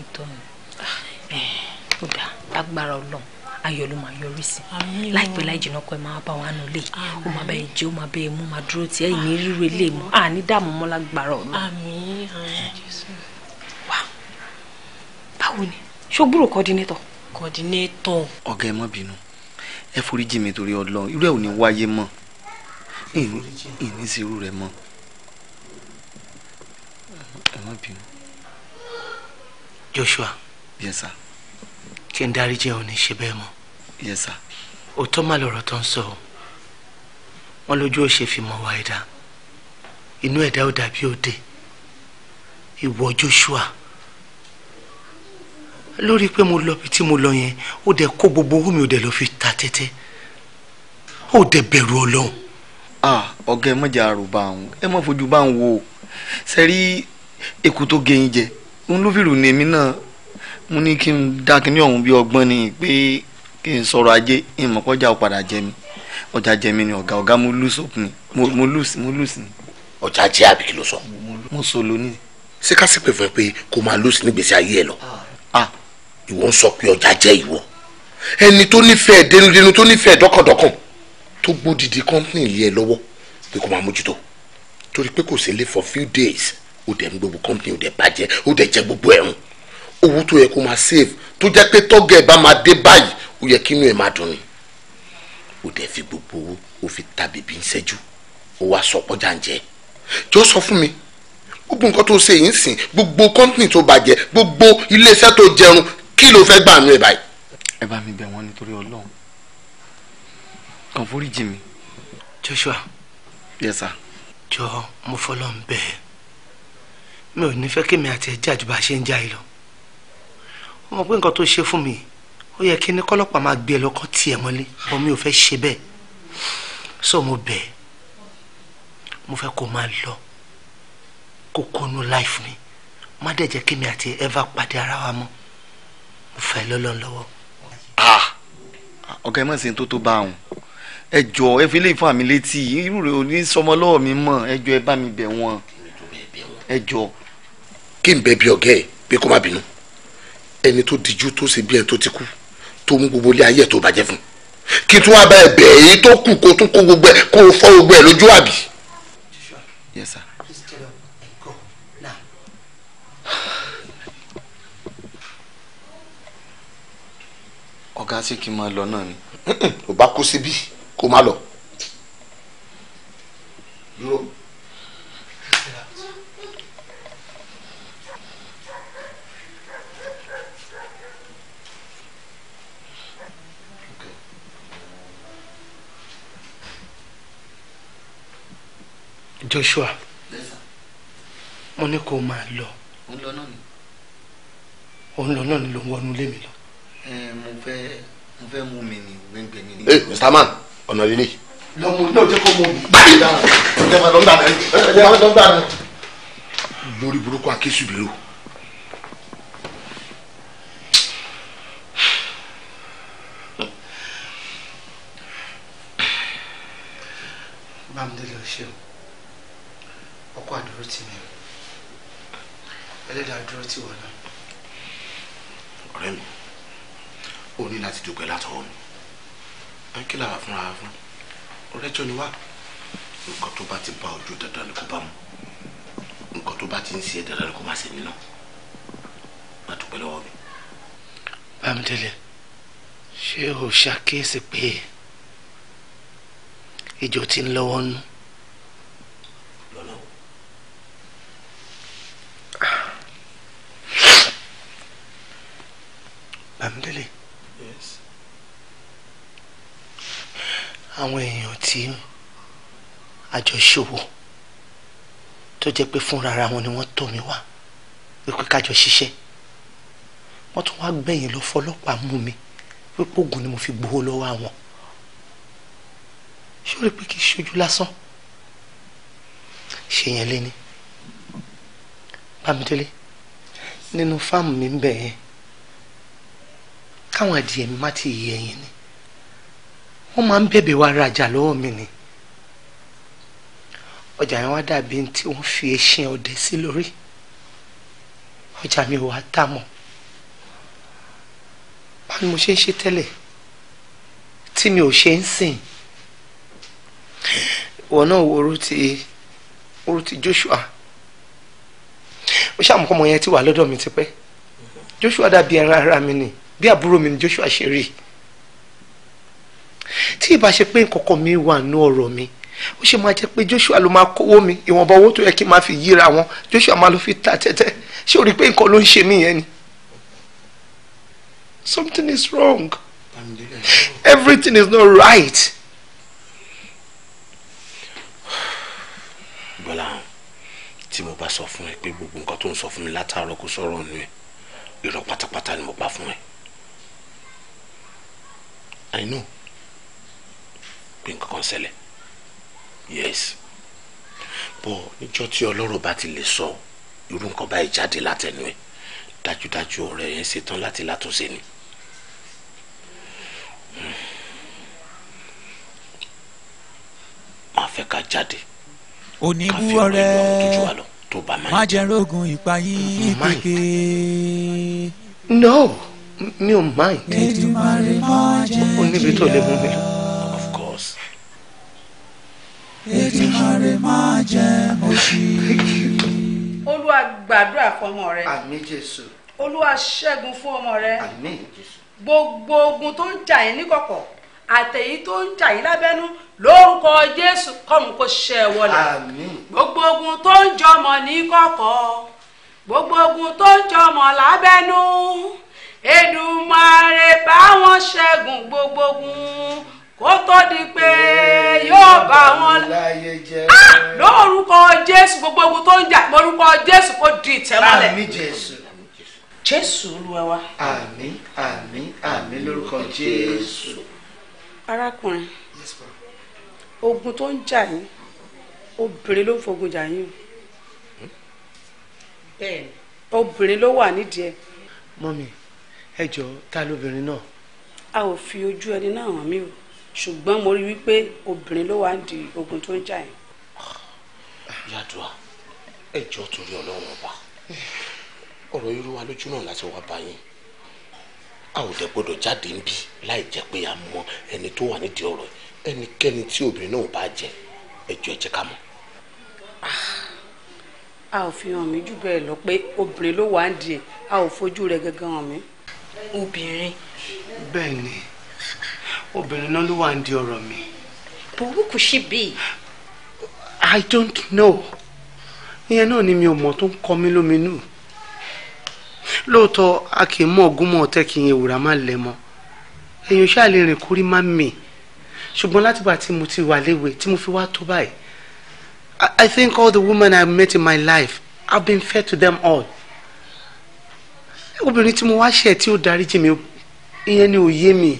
ǹtọ́ ẹ̀ ah, eh, ó dá agbára ọlọ́run ayọ̀ ló máa yọrí sí láìpẹ́ láì jìnnà kọ́ ẹ máa bá wa nù lé ó máa bá ẹ jẹ́ ó máa bá ẹ mú máa dúró tiẹ̀ ìní ríro ilé mọ́ àní dààmú mọ́ lágbára ọ̀nà. wá báwo ni ṣogbúrò coordinator. coordinator. ọ̀gá ẹ má bínú ẹ forí jì mí torí ọlọ́run irú ẹ̀ ò ní wáyé mọ́ ìní sí irú rẹ mọ́ ẹ má bínú. Joshua. yes sir. kí n dárí jẹ́ òní ṣe bẹ́ẹ̀ mọ́. yes sir. òótọ́ mà lọ̀rọ̀ tó ń sọ o wọ́n lójú ò fi mọ̀ wá ẹ̀dá inú ẹ̀dá ò dàbí òde ìwọ Joshua lórí pé mo lọ bí tí mo lọ yẹn ó dẹ̀ kó gbogbo owó mi ó dẹ̀ lọ fi ta tẹ́tẹ́ ó dẹ̀ bẹ̀rù Ọlọ́run ọ̀gá ẹ mọ̀jà àrò bá ń ẹ mọ̀ fojú bá ń wo sẹ́rí èkó tó gẹ̀yìn jẹ òun ló fìrù ní èmi náà mo ní kí n dá kíní ọ̀hún bí ọgbọ́n ni pé kí n sọ̀rọ̀ ajé ìmọ̀ kọjá padà jẹ mi ọjà jẹ mi ni ọ̀gá ọ̀gá mo lùsù ni mo lùsù mo lùsù ni. ọjà jẹ àbí kí ló sọ. mo sọ lónìí. ṣé ká sì pè pé kó máa lùsù nígbèsè ayé ẹ lọ. ìwọ ń sọ pé ọjà jẹ ìwọ ẹni tó nífẹ̀ẹ́ dénúdénú tó nífẹ̀ẹ́ dọ́kàndọ́kàn tó gbódìdí company lé ẹ lọ́wọ́ pé kó máa mójútó torí pé kò sí ilé for few days ó dẹ̀ ń gbogbo company ó dẹ̀ bàjẹ́ ó dẹ̀ jẹ́ gbogbo ẹ̀rùn owó tó yẹ kó máa save tó jẹ́ pé tọ́gẹ̀ bá máa dé báyìí ó yẹ kínú ẹ̀ máa dùn ni ó dẹ̀ fi gbogbo owó ó fi ta bèbí ń ṣẹ́jú ó wá sọ pọ́jà ń jẹ́ jọ sọ fún mi gbogbo nǹkan tó ṣe yìí ń sìn gbogbo company tó bàjẹ́ gbogbo iléeṣẹ́ tó jẹun kí ló fẹ́ gbà nú ẹ̀ báyìí. ẹ bá mi bẹ̀ wọ́n nítorí Ọlọ́run àforíjì Jimmy Joshua. yes sir. jọ mo fọlọ́ ń bẹ̀ ẹ́ mi ò ní fẹ́ kí mi àti ẹ̀ jà ju bá a ṣe ń jà yìí lọ ó mọ̀ pé nǹkan tó ṣe fún mi ó yẹ kí ní kọ́lọ́pàá máa gbé ẹ lọ́kàn tiẹ̀ mọ́lé bọ́ mi ò fẹ́ ṣe bẹ́ẹ̀ so mo bẹ̀ ẹ́ mo fẹ́ kó máa lọ kó kónú life mi má dẹ̀ jẹ́ kí mi àti ever pàdé ara wa mọ́ mo fẹ́ lọ́lọ́ lọ́wọ́. Ah! ọ̀gá ẹ má ṣe tó tó bá àwọn ẹ jọ ẹ fi lè fún àmì létí irú rẹ òní sọmọ lọ́wọ́ mi mọ̀ ẹ jọ ẹ bá mi bẹ̀ wọ́n ẹ jọ. kí n bẹ bí ọgá ẹ pé kó má bínú ẹni tó dijú tó ṣe bí ẹni tó ti kú tó mú gbogbo ilé ayé ẹ tó bàjẹ́ fún kí tún wá bá ẹ bẹ èyí tó kù kó tún kó gbogbo ẹ kó fọ́ gbogbo ẹ lójú àbí. ọ̀gá ṣé kí n máa lọ náà ni. ò bá kó síbí. Si kó má lọ. Joshua mo ní kó máa lọ. ó ń lọ náà ni. ló ń wọnú ilé mi lọ. ẹ mo fẹ́ mo fẹ́ mú mi ní gbẹngbẹ mi. ẹ Mr. Man ọ̀nà líle. lọ́mọ náà jẹ́ kó mọ báyìí dára ẹ̀jẹ̀ máa lọ ń dà mí ẹ̀jẹ̀ máa lọ ń dà mí. lórí burúkú akésùbìrò. bámdélé ò ṣe o ọkọ àdúró tì mí ẹlẹ́dàá àdúró tì wọ́n ọ̀rẹ́ mi ò ní láti dúpẹ́ látọwọ́ mi ń kí làwa fúnra wa fún ọ̀rẹ́jọ́ ni wá nǹkan tó bá ti bá ojú dandan ni kò bá mu nǹkan tó bá ti ń ṣe dandan ni kò má ṣe mí náà má dúpẹ́ lọ́wọ́ mi. bámidélé ṣé o ṣàkíyèsí pé ìjọ ti ń lọ́wọ́ nú. lọ́nà yes àwọn èèyàn tí àjọṣòwò tó jẹ́ pé fúnra wọn ni wọ́n tọ̀ mí wá wípé kájọ ṣiṣẹ́ wọ́n tún wá gbẹ̀yìn lọ fọlọ́pàá mú mi wípé oògùn ni mo fi gbowó lọ́wọ́ àwọn sórí pé kì í ṣojú lásán ṣèyàn léni bámidélé nínú fáàmù mi ń bẹ̀ yẹn káwọn adìyẹ mi má ti yẹ ẹyin ni wọ́n máa ń bèbè wá rajà lọ́wọ́ mi ni ọjà yẹn wá dàbí tí wọ́n fi eṣin ọdẹ sí lórí ọjà mi ò wá tà mọ́ báwo ni mo ṣe ń ṣe tẹ́lẹ̀ tí mi ò ṣe ń sìn ìwọ náà wo orú ti orú ti Joshua ó ṣàmùkọ́ ọmọ yẹn ti wà lọ́dọ̀ mi tipẹ́ Joshua dàbí ẹran ara mi ni bí àbúrò mi ni Joshua ṣe rí i tí ìbá ṣe pé nǹkankan mi wà nú ọ̀rọ̀ mi ó ṣe máa jẹ́ pé Joshua ló máa kówó mi ìwọ̀nba owó tó yẹ kí n máa fi yíra wọn Joshua máa lọ fi ta tẹ́tẹ́ ṣé o rí pé nǹkan ló ń ṣe mí ni something is wrong everything is not right. bọ́lá tí mo bá sọ fún ẹ pé gbogbo nǹkan tó ń sọ fún mi látàárọ̀ kó sọ̀rọ̀ nù ẹ irọ́ pátápátá ni mo pa fún ẹ. I know pé nǹkan kan yes bọ́ níjọ́ tí ọlọ́rọ̀ bá ti lè sọ irú nǹkan báyìí jáde látẹnu ẹ̀ dájúdájú ọ̀rẹ́ yẹn ṣetán láti látúnṣe ni. máa fẹ́ ká jáde ká fi ọ̀rẹ́ lọ tó tó bá máa. má jẹ́ rògùn ìpayí kéke. no mi ò mind. ètùmọ̀ rẹ̀ má jẹ́ jìyà. ó níbi tó lè mú mi lọ. Èdùmàrè má jẹ́ mo ṣì. olúwa gbàdúrà fọmọ rẹ. àmín jésù. olúwa ṣẹ́gun fún ọmọ rẹ. àmín jésù. gbogbo ogun tó ń jà yín níkọ̀kọ̀ àtẹ̀yí tó ń jà yín lábẹ́nú lórúkọ jésù kọ́mù kó ṣẹ́ wọlé. àmín. gbogbo ogun tó ń jọmọ níkọ̀kọ̀ gbogbo ogun tó ń jọmọ lábẹ́nú Èdùmàrè bá wọn ṣẹ́gun gbogbo ogun kó tó di pé yóò bá wọn láyé jẹ́ ah! lórúkọ jésù gbogbo ogun tó ń jà lórúkọ jésù kó di ìtẹ́mọ́lẹ̀. àmín jésù. jésù olúwa wa. àmín àmín àmín lórúkọ jésù. arákùnrin ogun tó ń jà yín obìnrin ló ń fogun jà yín o. ni. obìnrin ló wà nídìí ẹ̀. mọ́mi ẹ jọ ta lóbìnrin náà. a ò fi ojú ẹni náà hàn mí o ṣùgbọ́n mo rí wípé obìnrin ló wà ń di ogun tó ń jà yẹn. yàdùà ẹ jọ torí ọlọ́run ọba ọ̀rọ̀ irú wa lójú náà láti wá báyìí a ò dẹ̀ gbọ́dọ̀ jáde níbí láì jẹ́ pé a mọ ẹni tó wà nídìí ọ̀rọ̀ ẹnikẹ́ni tí obìnrin náà bá jẹ ẹjọ́ ẹ̀jẹ̀ ká mọ̀. Ah, a ò fi hàn mí jù bẹ́ẹ̀ lọ pé obìnrin ló wà ń di ẹ̀ a ò fojú rẹ̀ gangan hàn mí. obìnrin. bẹ́ẹ̀ obìnrin náà ló wà ń di ọ̀rọ̀ mi. but who could she be. I don't know ìyẹn náà ni mi ò mọ̀ tó ń kọ mí lóminú lóòótọ́ a kì í mọ ogún mọ́ ọ̀tẹ́ kì í ewùrà má lẹ̀ mọ́ èèyàn ṣáà lè rìn kórí má mì ṣùgbọ́n látìgbà tí mo ti wà léwe tí mo fi wá tó báyìí I think all the women I've met in my life I've been fair to them all obìnrin tí mo wá ṣe tí ó dáríjì mi ìyẹn ni ò yé mi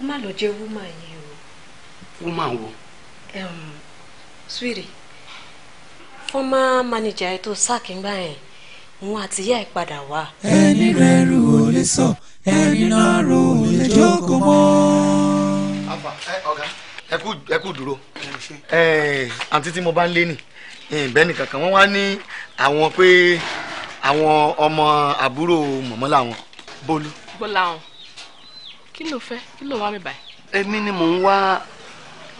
kó má lọ jẹ́ wúmà yẹn o. wúmà wo. Sweetie former manager ẹ tó sákìngbà yẹn òun àti ìyá ẹ padà wá. ẹni rẹrù ò lè sọ ẹni náà rò ò lè jókòó mọ́. ẹ kú dúró àǹtí tí mo bá ń lé nì bẹ́ẹ̀ nìkan kan wọ́n wá ní àwọn pé àwọn ọmọ àbúrò mọ̀mọ́ làwọn bólú. bólú àwọn kí ló fẹ́ kí ló wá mi báyìí. èmi ni mò ń wá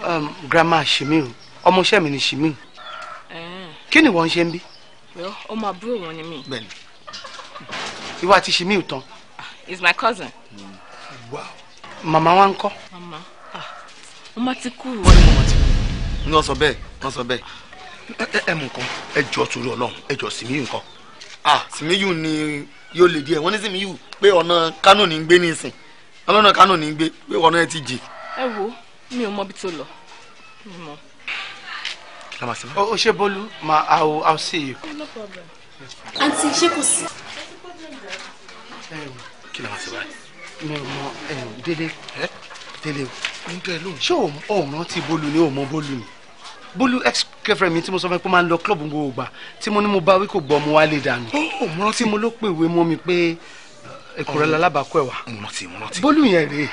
um, grandma shimiu ọmọọṣẹ́ mi ni shimiu kí ni wọ́n ń ṣe ń bí. ọmọ àbúrò wọn ni mí. bẹ́ẹ̀ni ìwà ti shimiu tán. is ah, my cousin. wow. màmá wa ń Mama. màmá ah, màmá ti kú. wọ́n ní màmá ti kú. ní wọ́n sọ bẹ́ẹ̀ wọ́n sọ bẹ́ẹ̀ ẹ mú nǹkan ẹ jọ torí Ọlọ́run ẹ jọ sìmíyù nǹkan. ah sìmíyù ni yóò lè díẹ̀ wọ́n ní sìmíyù pé ọ̀nà kánò ní gbé ní ọlọ́nà kánò ní gbé pé wọn náà ti jì. ẹ wo mi ò mọ ibi tó lọ mi mọ. o ṣe bolu ma i will i will see you. no problem. àǹtí ṣé kò sí. kí ló máa ṣe báyìí. mi ò mọ délé délé o ń tẹ lóhùn. ṣé òun rántí bolu ni òun mọ bolu ni bólú ex girlfriend mi tí mo sọ fún ẹ pé máa ń lọ club gbogbo ìgbà tí mo ní mo bá wí kò gbọ́ mo wá lè dànù. ó mọ tí mo ló pèwé mọ́ mi pé ẹkùrẹ́ lalábàákú ẹ̀ wá. mo rántí mo rántí. bólú yẹn rèé.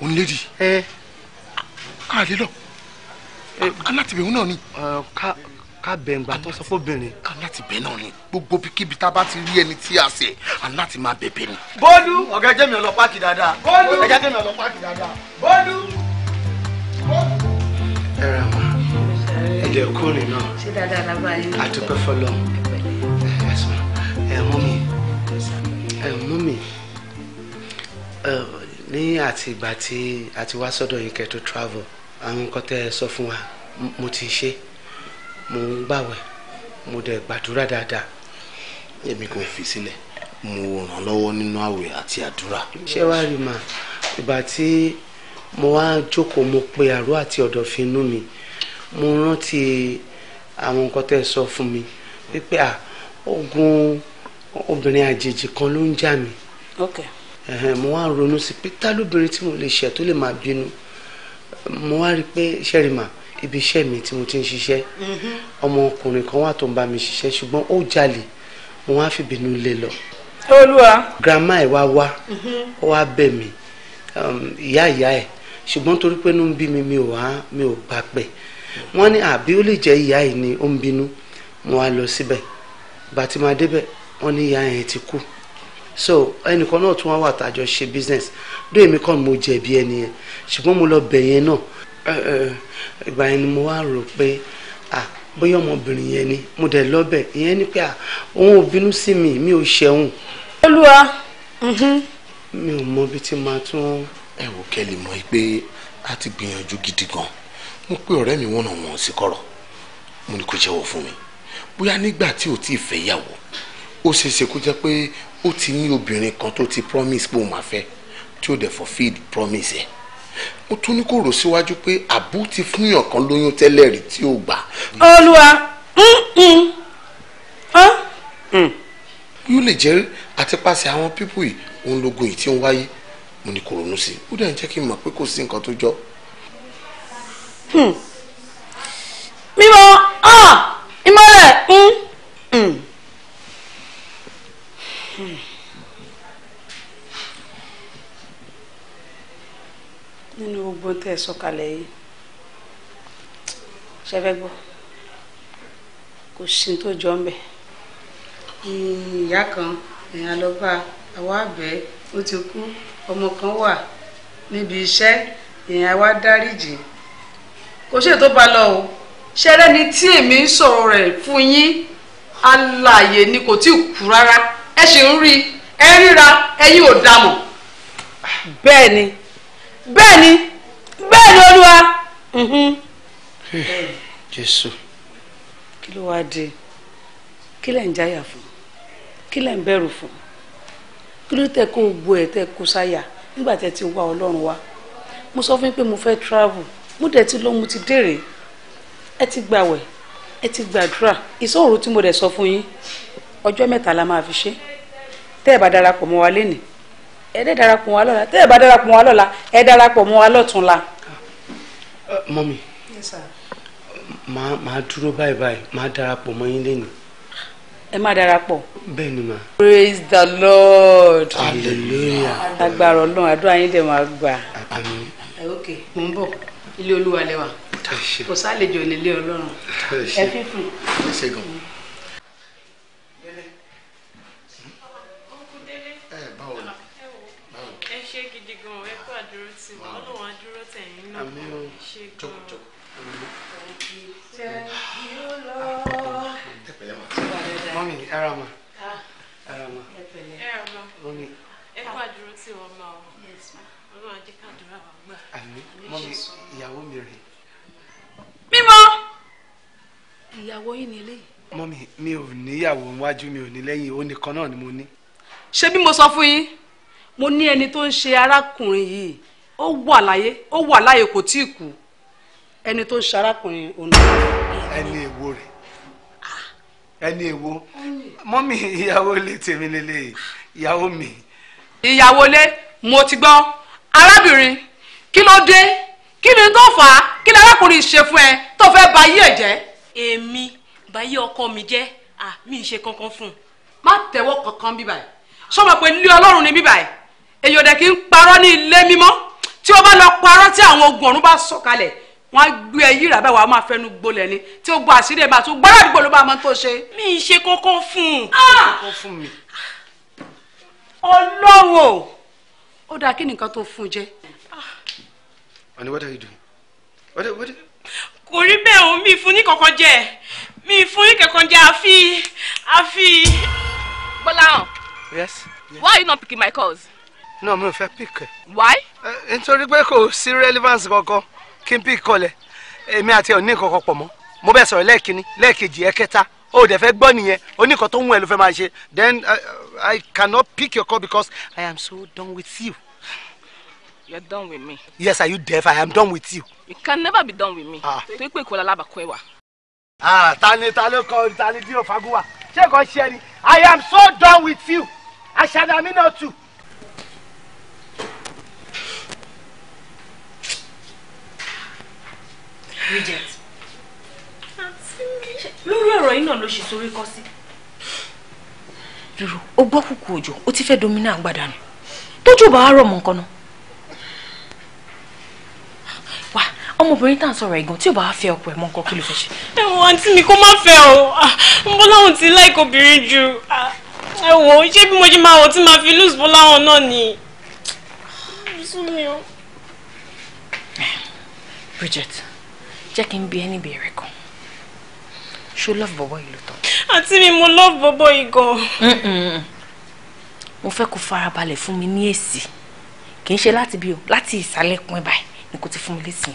òun lè di. ẹ a lè lọ alátìbẹ̀wò náà ni. ká bẹ̀ ǹgbà tó sọ fóbìnrin. alátìbẹ̀ náà ni gbogbo kíbi tá a bá ti rí ẹni tí a sẹ̀ aláti máa bẹ̀bẹ̀ ni. bólú ọ̀gá jẹ́mi ọlọ́pàá kì dáadáa. bólú ẹ̀jẹ̀ jẹ́mi ọlọ́pàá kì dáadáa. bólú. ẹ rà wá ẹ̀jẹ̀ kúrin náà. ṣé dáadáa la bá yín. a dúpẹ́ fọlọ́ ẹ̀ mú mi ẹ̀ mú mi. Eh, ní àti ìgbà tí a ti wá sọ́dọ̀ yín kẹ́ travel àwọn nǹkan tẹ́ ẹ sọ fún wa mo ti ṣe mo ń gbàwẹ̀ mo dẹ̀ gbàdúrà dáadáa. èmi kò fi sílẹ̀ mo ràn lọ́wọ́ nínú àwẹ̀ àti àdúrà. ṣé wàá rí màá ìgbà tí mo wá jókòó mo pe àrò àti ọ̀dọ̀ mi mo rántí àwọn nǹkan tẹ́ ẹ sọ fún mi wípé ogun obìnrin àjèjì kan ló ń jà mí. okay mo wá ń ronú sí pé tá lóbìnrin tí mo lè ṣe tó lè máa bínú mo wá rí i pé ṣẹ́rìmà ibi iṣẹ́ mi tí mo ti ń ṣiṣẹ́ mm-hmm. ọmọkùnrin kan wà tó ń bá mi ṣiṣẹ́ ṣùgbọ́n ó jalè mo wá fi bínú lé lọ. olúwa. grandma ẹ̀ wá wá mm-hmm. ó wá bẹ̀ mí um, ìyá ìyá ẹ̀ ṣùgbọ́n torí pé inú ń bí mi mi ò wá mi ò gbà pẹ̀ wọ́n ní àbí ó lè jẹ́ ìyá yìí ni ó ń bínú mo wá lọ síbẹ̀ bàtí máa débẹ̀ wọ́n ní ìyá yẹn ti kú so ẹnìkan náà tún wá wà tàjọ ṣe business dó èmi kàn mo jẹ̀bi ẹni yẹn ṣùgbọ́n mo lọ bẹ̀ yẹn náà ìgbà yẹn ni mo wá rò pé à bóyá ọmọbìnrin yẹn ni mo dẹ̀ lọ́bẹ̀ ìyẹn ni pé à òun ò bínú sí mi mi ò ṣẹ̀hùn. olúwa. Mhm. mi ò mọ bí tí màá tún. ẹ wò kẹ́lì mọ́ ẹ pé a ti gbìyànjú gidi gan mo pé ọ̀rẹ́ mi wọ́n náà wọ́n sí kọ̀rọ̀ mo ní kó jẹ́wọ́ fún mi bóyá nígbà tí ò tí ì fẹ́ yàwó ó ṣeé ṣe kó jẹ́ pé ó ti ní obìnrin kan tó ti promise pé òun máa fẹ́ tí ó dẹ̀ fulfil promise ẹ̀ ó tún ní kó rò síwájú pé àbú ti fún yàn kan lóyún tẹ́lẹ̀ rí tí ó gbà. olúwa mm, mm, hmm. yóò lè jẹ́ àtipasẹ̀ àwọn pípù yìí òun lógun yìí tí ń wáyé mo ní kò ronú sí i ó dẹ̀ ń jẹ́ kí n mọ̀ pé kò sí nǹkan tó jọ. Hmm. mímọ ah, ìmọ̀lẹ̀ hmm, nínú gbogbo tẹ́ ẹ sọ̀kalẹ̀ yìí ṣẹfẹ́ gbọ́ kò sí tó jọ ń bẹ̀. ìyá kan èèyàn lọ bá àwa àbẹ́ ó ti kú ọmọ kan wà níbi iṣẹ́ èèyàn wá dáríjì kò ṣe tó bá lọ o ṣẹlẹ́ni tí èmi ń sọ̀rọ̀ rẹ̀ fún yín alààyè ni kò tí ì kú rárá ẹ sì ń rí ẹ ríra ẹ̀yin ò dá mọ̀. bẹ́ẹ̀ ni bẹ́ẹ̀ ni bẹ́ẹ̀ ni olúwa. Mhm. jésù. kí ló wáá di kí lẹ̀ ń jáyà fún kí lẹ̀ ń bẹ̀rù fún kí ló tẹ kó gbó ẹ tẹ kó sáyà nígbà tẹ ti wá ọlọ́run wá mo sọ fún yín pé mo fẹ́ travel mo dẹ̀ ti lọ mo ti dèrè ẹ ti gbàwẹ̀ ẹ ti gbàdúrà ìṣòro tí mo dẹ̀ sọ fún yín ọjọ́ mẹ́ta la máa fi ṣe tẹ́ ẹ̀ bá darapọ̀ mọ́ wa lénìí ẹ dẹ́ darapọ̀ mọ́ wa lọ́la tẹ́ ẹ̀ bá darapọ̀ mọ́ wa lọ́la ẹ darapọ̀ mọ́ wa lọ́túnla. mọ́mi màá dúró báyìí báyìí màá darapọ̀ mọ́ yín lénìí. ẹ má darapọ̀. bẹ́ẹ̀ ni màá. praise the lord. hallelujah. agbára ọlọ́run àdúrà yín dẹ̀ máa gbà. àmín. ok mo ń bọ̀ ilé olúwa lẹ́wà kò sálejò nílé ọlọ́run ẹ fífún. àmì o jókòó jókòó. mọ́mí ẹ̀rọ ma ẹ̀rọ ma mọ́mí. ẹ kó àdúró tí wọ́n máa wọ ọlọ́run ajé kàdúrà wà gbà. àmì mọ́mí ìyàwó mi rè. mímọ́. ìyàwó yín ni eléyìí. mọ́mí mi ò níyàwó níwájú mi ò ní lẹ́yìn ó nìkan náà ni mo ní. ṣé bí mo sọ fún yín mo ní ẹni tó ń ṣe arákùnrin yìí ó wà láyé ó wà láyé kò tí ì kú ẹni tó ń ṣarákùnrin òun. ẹni èwo rẹ ẹni èwo mọ́mì ìyàwó ilé tèmi lélẹ̀ ìyàwó mi. ìyàwó ilé mo ti gbọ́ arábìnrin kí ló dé kí ni tó fà á kí ni arákùnrin ṣe fún ẹ tó fẹ́ ba ayé ẹ̀ jẹ́. èmi báyé ọkọ mi jẹ́ àmì ìṣe kankan fún un. má tẹ̀wọ́ kankan bíbáyìí sọ́mọ pé ilé ọlọ́run ni bíbáyìí èyí ò dẹ̀ kí ń parọ́ ní ilé mímọ́ tí o bá lọ parọ́ tí àwọn ogun ọ̀run bá sọ̀kalẹ̀ wọ́n á gbé ẹ yíra báyìí wàá máa fẹnu gbolẹ̀ ni tí o gbọ́ àṣírí ẹ̀ máa tún gbọ́dọ̀ àdúgbò ló bá máa tó ṣe. mi ì ṣe kókó fún un. Ah! ọlọ́wọ́ ó dáa kí nìkan tó fún un jẹ. Ah! Honey, what are you doing? What, are, what? Are... Kò rí bẹ́ẹ̀ o, mi fún ní kankan jẹ. Mi fún ní kankan jẹ àfi àfi. Bọ́lá hàn. Yes? yes. Why are you not picking my calls? náà mi ò fẹ́ pick. why. Eh, nítorí pé kò sí relevance kankan kí n pick kọlẹ̀ èmi àti ẹ̀ ò ní kankan pọ̀ mọ́ mo bẹ́ẹ̀ sọ̀rọ̀ lẹ́ẹ̀kínní lẹ́ẹ̀kejì ẹ̀kẹta o dẹ̀ fẹ́ gbọ́ nìyẹn oníkan tó ń wọ̀ ẹ́ ló fẹ́ máa ṣe then uh, I cannot pick your call because I am so done with you. You're done with me. Yes, are you deaf? I am done with you. You can never be done with me. Ah. Torí pé ìkọlà alábàkọ́ ẹ wà. Ah, ta ni ta ló kọ ta ni díò fagun Ṣé kò ṣe ni? I am so done with you. Aṣáájú mi náà too. Bridget lórí ọ̀rọ̀ yìí náà ló ṣe sorí kọ́ sí. dúró o gbọ́ kúkú òjò o ti fẹ́ domina àgbàdà nù tójú bá wá rọ̀ mọ́ nǹkan náà. wá ọmọbìnrin tá à ń sọ̀rọ̀ ẹ̀gàn tí ò bá wá fẹ́ ọkọ ẹ̀ mọ́ nǹkan kí ló fẹ́ ṣe. ẹ wo àǹtí mi kó má fẹ́ o ah, n bọ́ láwọn ti láìkó obìnrin ju ah, ẹ wo ṣé bí mo ṣe máa wọ tí màá fi lùs bọ́ láwọn náà ni. Bridget jẹ́ kí n bi ẹni bèèrè kan ṣó love bọ̀bọ̀ yìí ló tán. àǹtí mi mo love bọ̀bọ̀ yìí gan. mo fẹ́ kó farabalẹ̀ fún mi ní èsì kì í ṣe láti bí o láti ìsàlẹ̀ pin báyìí ni kò ti fún mi lésì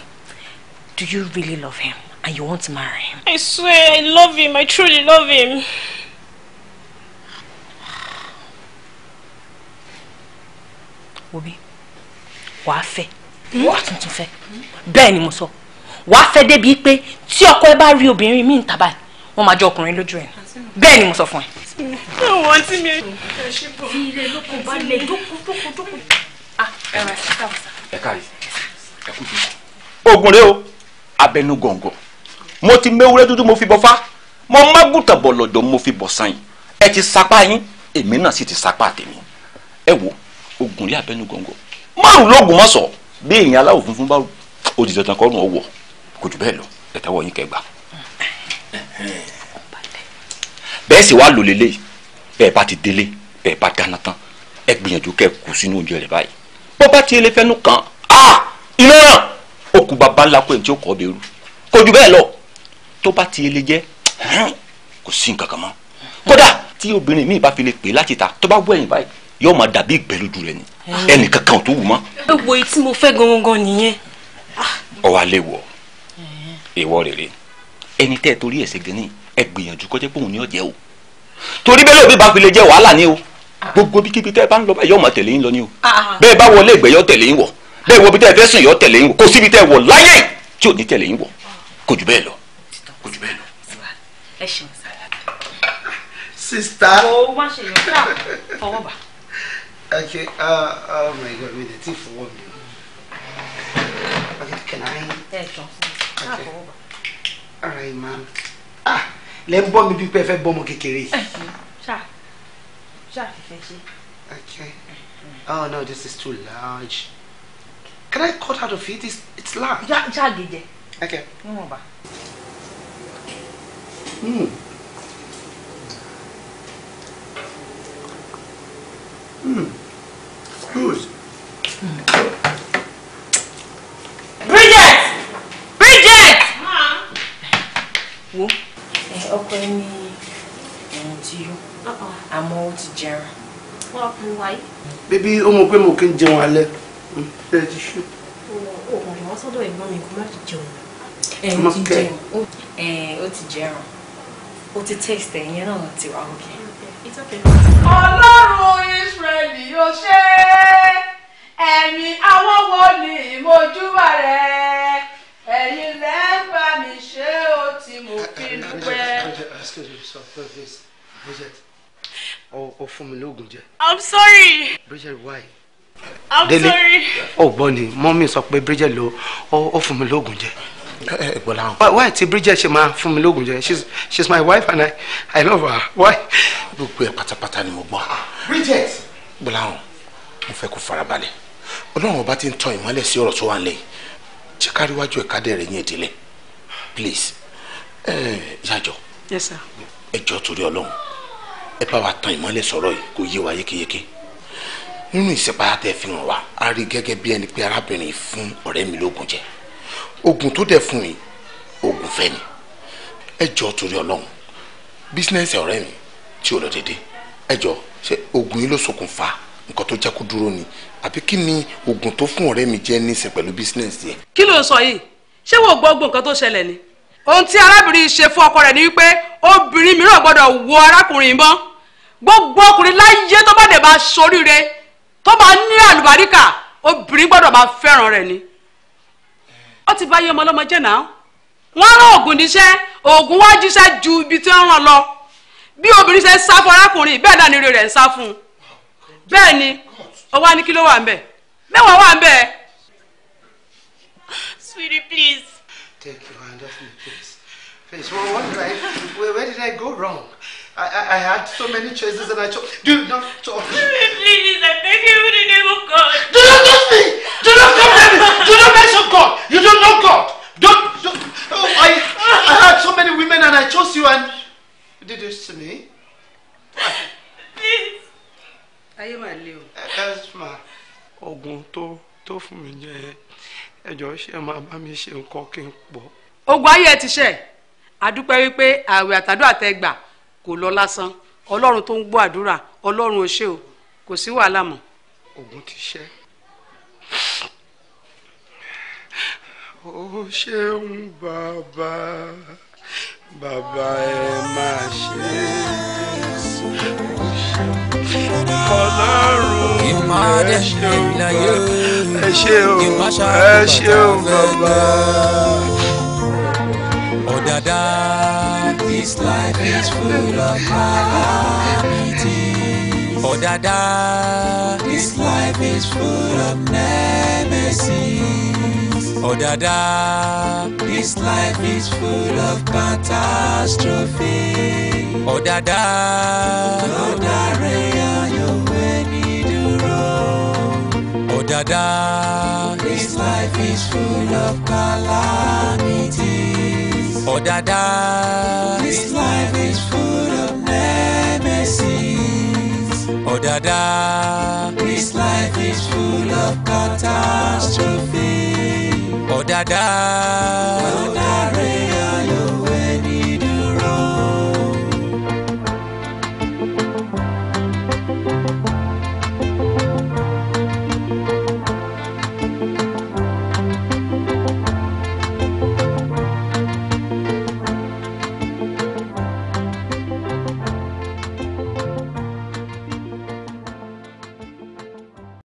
do you really love him and you want to marry him. I swear I love him I truly love him. wo bí wàá fẹ́ hmm? wàá tuntun fẹ́ bẹ́ẹ̀ ni mo sọ. So wà á fẹ́ débi pé tí ọkọ ẹ bá rí obìnrin míì níta báyìí wọ́n máa jọ ọkùnrin lójú ẹ̀ bẹ́ẹ̀ ni mo sọ fún ẹ. wọ́n ti mi. ti ilé lóko bá lè dúkú dúkú dúkú. ẹ káyì ẹ kú jù. oògùn rẹ o abẹnú gọ̀ǹgọ̀ mo ti méwúrẹ́ dúdú mo fi bọ́ fá mo mágùtà bọ̀ lọ́dọ̀ mo fi bọ̀ sàn yìí ẹ ti sapá yín èmi náà sì ti sapá tèmi ẹ wo oògùn rẹ abẹnú gọ̀ǹgọ̀ márùn lóògùn mọ́sọ̀ bí èèyàn aláwọ̀ funfun bá ó di dandan kọ́rùn ọ̀wọ̀ kò jù bẹ́ẹ̀ lọ ẹ tẹ́wọ́ yín kẹgbà bẹ́ẹ̀ sì wá lò lélẹ̀ bẹ́ẹ̀ bá ti délé bẹ́ẹ̀ bá dáná tán ẹ gbìyànjú kẹ́ kù sínú oúnjẹ rẹ̀ báyìí bó bá ti ẹlẹ́fẹ́nu kan iná ràn òkú bàbá ńlá kó ẹ̀ tí ó kọ́ bẹ̀rù kò jù bẹ́ẹ̀ lọ tó bá ti ẹlẹ́ jẹ́ kò sí nǹkan mọ́ kódà tí obìnrin mi bá fi lè pè láti ta tó bá wọ ẹ̀yìn báyìí yóò máa dàbí ìgbẹ́lódù rẹ ni ah. ẹnì kankan ò tó wù mọ́. ẹ wo etí mo fẹ́ gangan nìyẹn. ọwọ́ alẹ́ wọ̀ ìwọ rere ẹni tẹ́ ẹ torí ẹ̀sẹ̀ gẹ́ni ẹ gbìyànjú kọjá pé òun ni ó jẹ́ o torí bẹ́ẹ̀ lóòbí bá fi lè jẹ́ wàhálà ni o gbogbo bí kíbi tẹ́ ẹ bá ń lọ báyọ̀ ọmọ tẹ̀lé yín lọ ni o ah. bẹ́ẹ̀ bá wọlé ìgbẹ́ yọ tẹ̀lé yín wọ̀ bẹ́ẹ̀ wọ bí tẹ́ ẹ fẹ́ sùn yọ tẹ̀lé yín wọ̀ kò síbi tẹ́ ẹ wọ̀ láyé tí ò ní tẹ̀lé yín wọ̀ kò jù bẹ́ẹ̀ lọ o ma ṣe yọ fúlà okay uh, oh my god mi dey ti fọwọ́ mi. okay can I. ẹ jọ okay all right ma'am ah lẹ ń bọ́ mi bí pé ẹ fẹ́ bọ́ ọmọ kékeré okay oh no this is too large can I cut out of it it's, it's large. já já gèjè. okay. níwọ̀n bá. Mm. Mm. Good. ti jẹun wọn kún wáyé. bébí ó mọ pé mo kí ń jẹun alẹ́ hmm, ẹ ti ṣú. o kò lọ sọ́dọ̀ ẹ̀gbọ́n mi kó má fi jẹun. ẹ ti jẹun ó ti jẹun ó ti taste ẹ̀yìn náà ti wà òkè. ọlọ́run Ísírẹ́lì yóò ṣe ẹ̀mí àwọn wo ni ìmọ̀júbà rẹ̀ ẹ̀yin lẹ́ẹ̀bà mi ṣé o ti mú kí n pẹ́. Excuse me, sir, for this ó fún mi lóògùn jẹ. i'm sorry. bridget why. i'm Dele. sorry. ó gbọ́ ni mọ́mí sọ pé bridget ló ó fún mi lóògùn jẹ. ẹ gbọ́ láwọn. why why ti bridget ṣe máa fún mi lóògùn jẹ she's she's my wife and i i love her why. gbogbo ẹ pátápátá ni mo gbọ́. bridget. gbọ́ láwọn mo fẹ́ kó farabalẹ̀ ọlọ́run ọba ti ń tan ìmọ́lẹ̀ sí ọ̀rọ̀ tó wà lẹ́yìn ṣé káríwájú ẹ̀ka dẹ̀rẹ̀ yín ìdílé please ẹ yájọ. yes sir. ẹ jọ torí ọlọ́run ẹ bá wa tan ìmọ́lẹ̀ sọ̀rọ̀ yìí kó yé wa yékéyéké nínú ìsèpáyà tẹ fi hàn wá a rí gẹ́gẹ́ bí ẹni pé arábìnrin fún ọ̀rẹ́ mi lóògùn jẹ oògùn tó dẹ̀ fún mi oògùn fẹ́ mi ẹ jọ torí ọlọ́run bísínẹ́sì ọ̀rẹ́ mi tí ò lọ dédé ẹ jọ ṣe oògùn yìí ló ṣokùnfà nǹkan tó jẹ́ kó dúró ni àbí kí ni oògùn tó fún ọ̀rẹ́ mi jẹ́ níṣe pẹ̀lú bísínẹ́sì yẹn. kí ló ń sọ yìí ṣé wọ́n gbọ́ gbọ́ nǹkan tó ṣẹlẹ̀ ni ohun tí arábìnrin ṣe fún ọkọ rẹ̀ ni wípé obìnrin mìíràn gbọ́dọ̀ wo arákùnrin mọ́ gbogbo ọkùnrin láyé tó bá dẹ̀ bá ṣoríire tó bá ní àlùbáríkà obìnrin gbọ́dọ̀ máa fẹ́ràn rẹ̀ ni ó ti bá yé ọmọ ọlọ́mọ jẹ́ náà wọ́n rán oògùn níṣẹ́ oògùn wá jíṣẹ́ ju ibi tí wọ́n rán lọ bí obìnrin ṣe sá fún arákùnrin bẹ́ẹ̀ náà ni rere ń sá fún un bẹ́ẹ̀ ni ó wá ní kí ló wà ń bẹ̀ mẹ́wàá wà ń bẹ̀. sweetie please. take your hand off me please please well, what did I where, where did I go wrong. I, I, I had so many choices and I chose. Do not talk. Please, I beg you in the name of God. Do not touch me! Do not come near me! Do not mess with God! You don't know God! Don't. don't oh, I, I had so many women and I chose you and you did this to me. Please. Ayé máa le o. Esma. Oògùn tó tó fún mi jẹ ẹjọ́ ṣe máa bá mi ṣe nǹkan kí n pọ̀. Oògùn ti ṣe àdúpẹ́ wípé ààwẹ̀ àtàdúrà tẹ gbà kò lọ lásán ọlọ́run tó ń gbọ́ àdúrà ọlọ́run ò ṣe o kò sí wàhálà mọ́. ogun ti ṣẹ́ ó ṣeun bàbá bàbá ẹ máa ṣe ọlọ́run ẹ ṣeun ẹ ṣeun ẹ ṣeun bàbá. ọ̀dàdà. This life is full of calamities. Oh, da da. This life is full of nemesis. Oh, da da. This life is full of catastrophe. Oh, da Oh, da Oh, da da. This life is full of calamities kọ̀ dáadáa. This life is full of nemesis. Kọ̀ dáadáa. This life is full of catastrophe. Oh, Kọ̀ dáadáa. Kọ̀ dáadáa.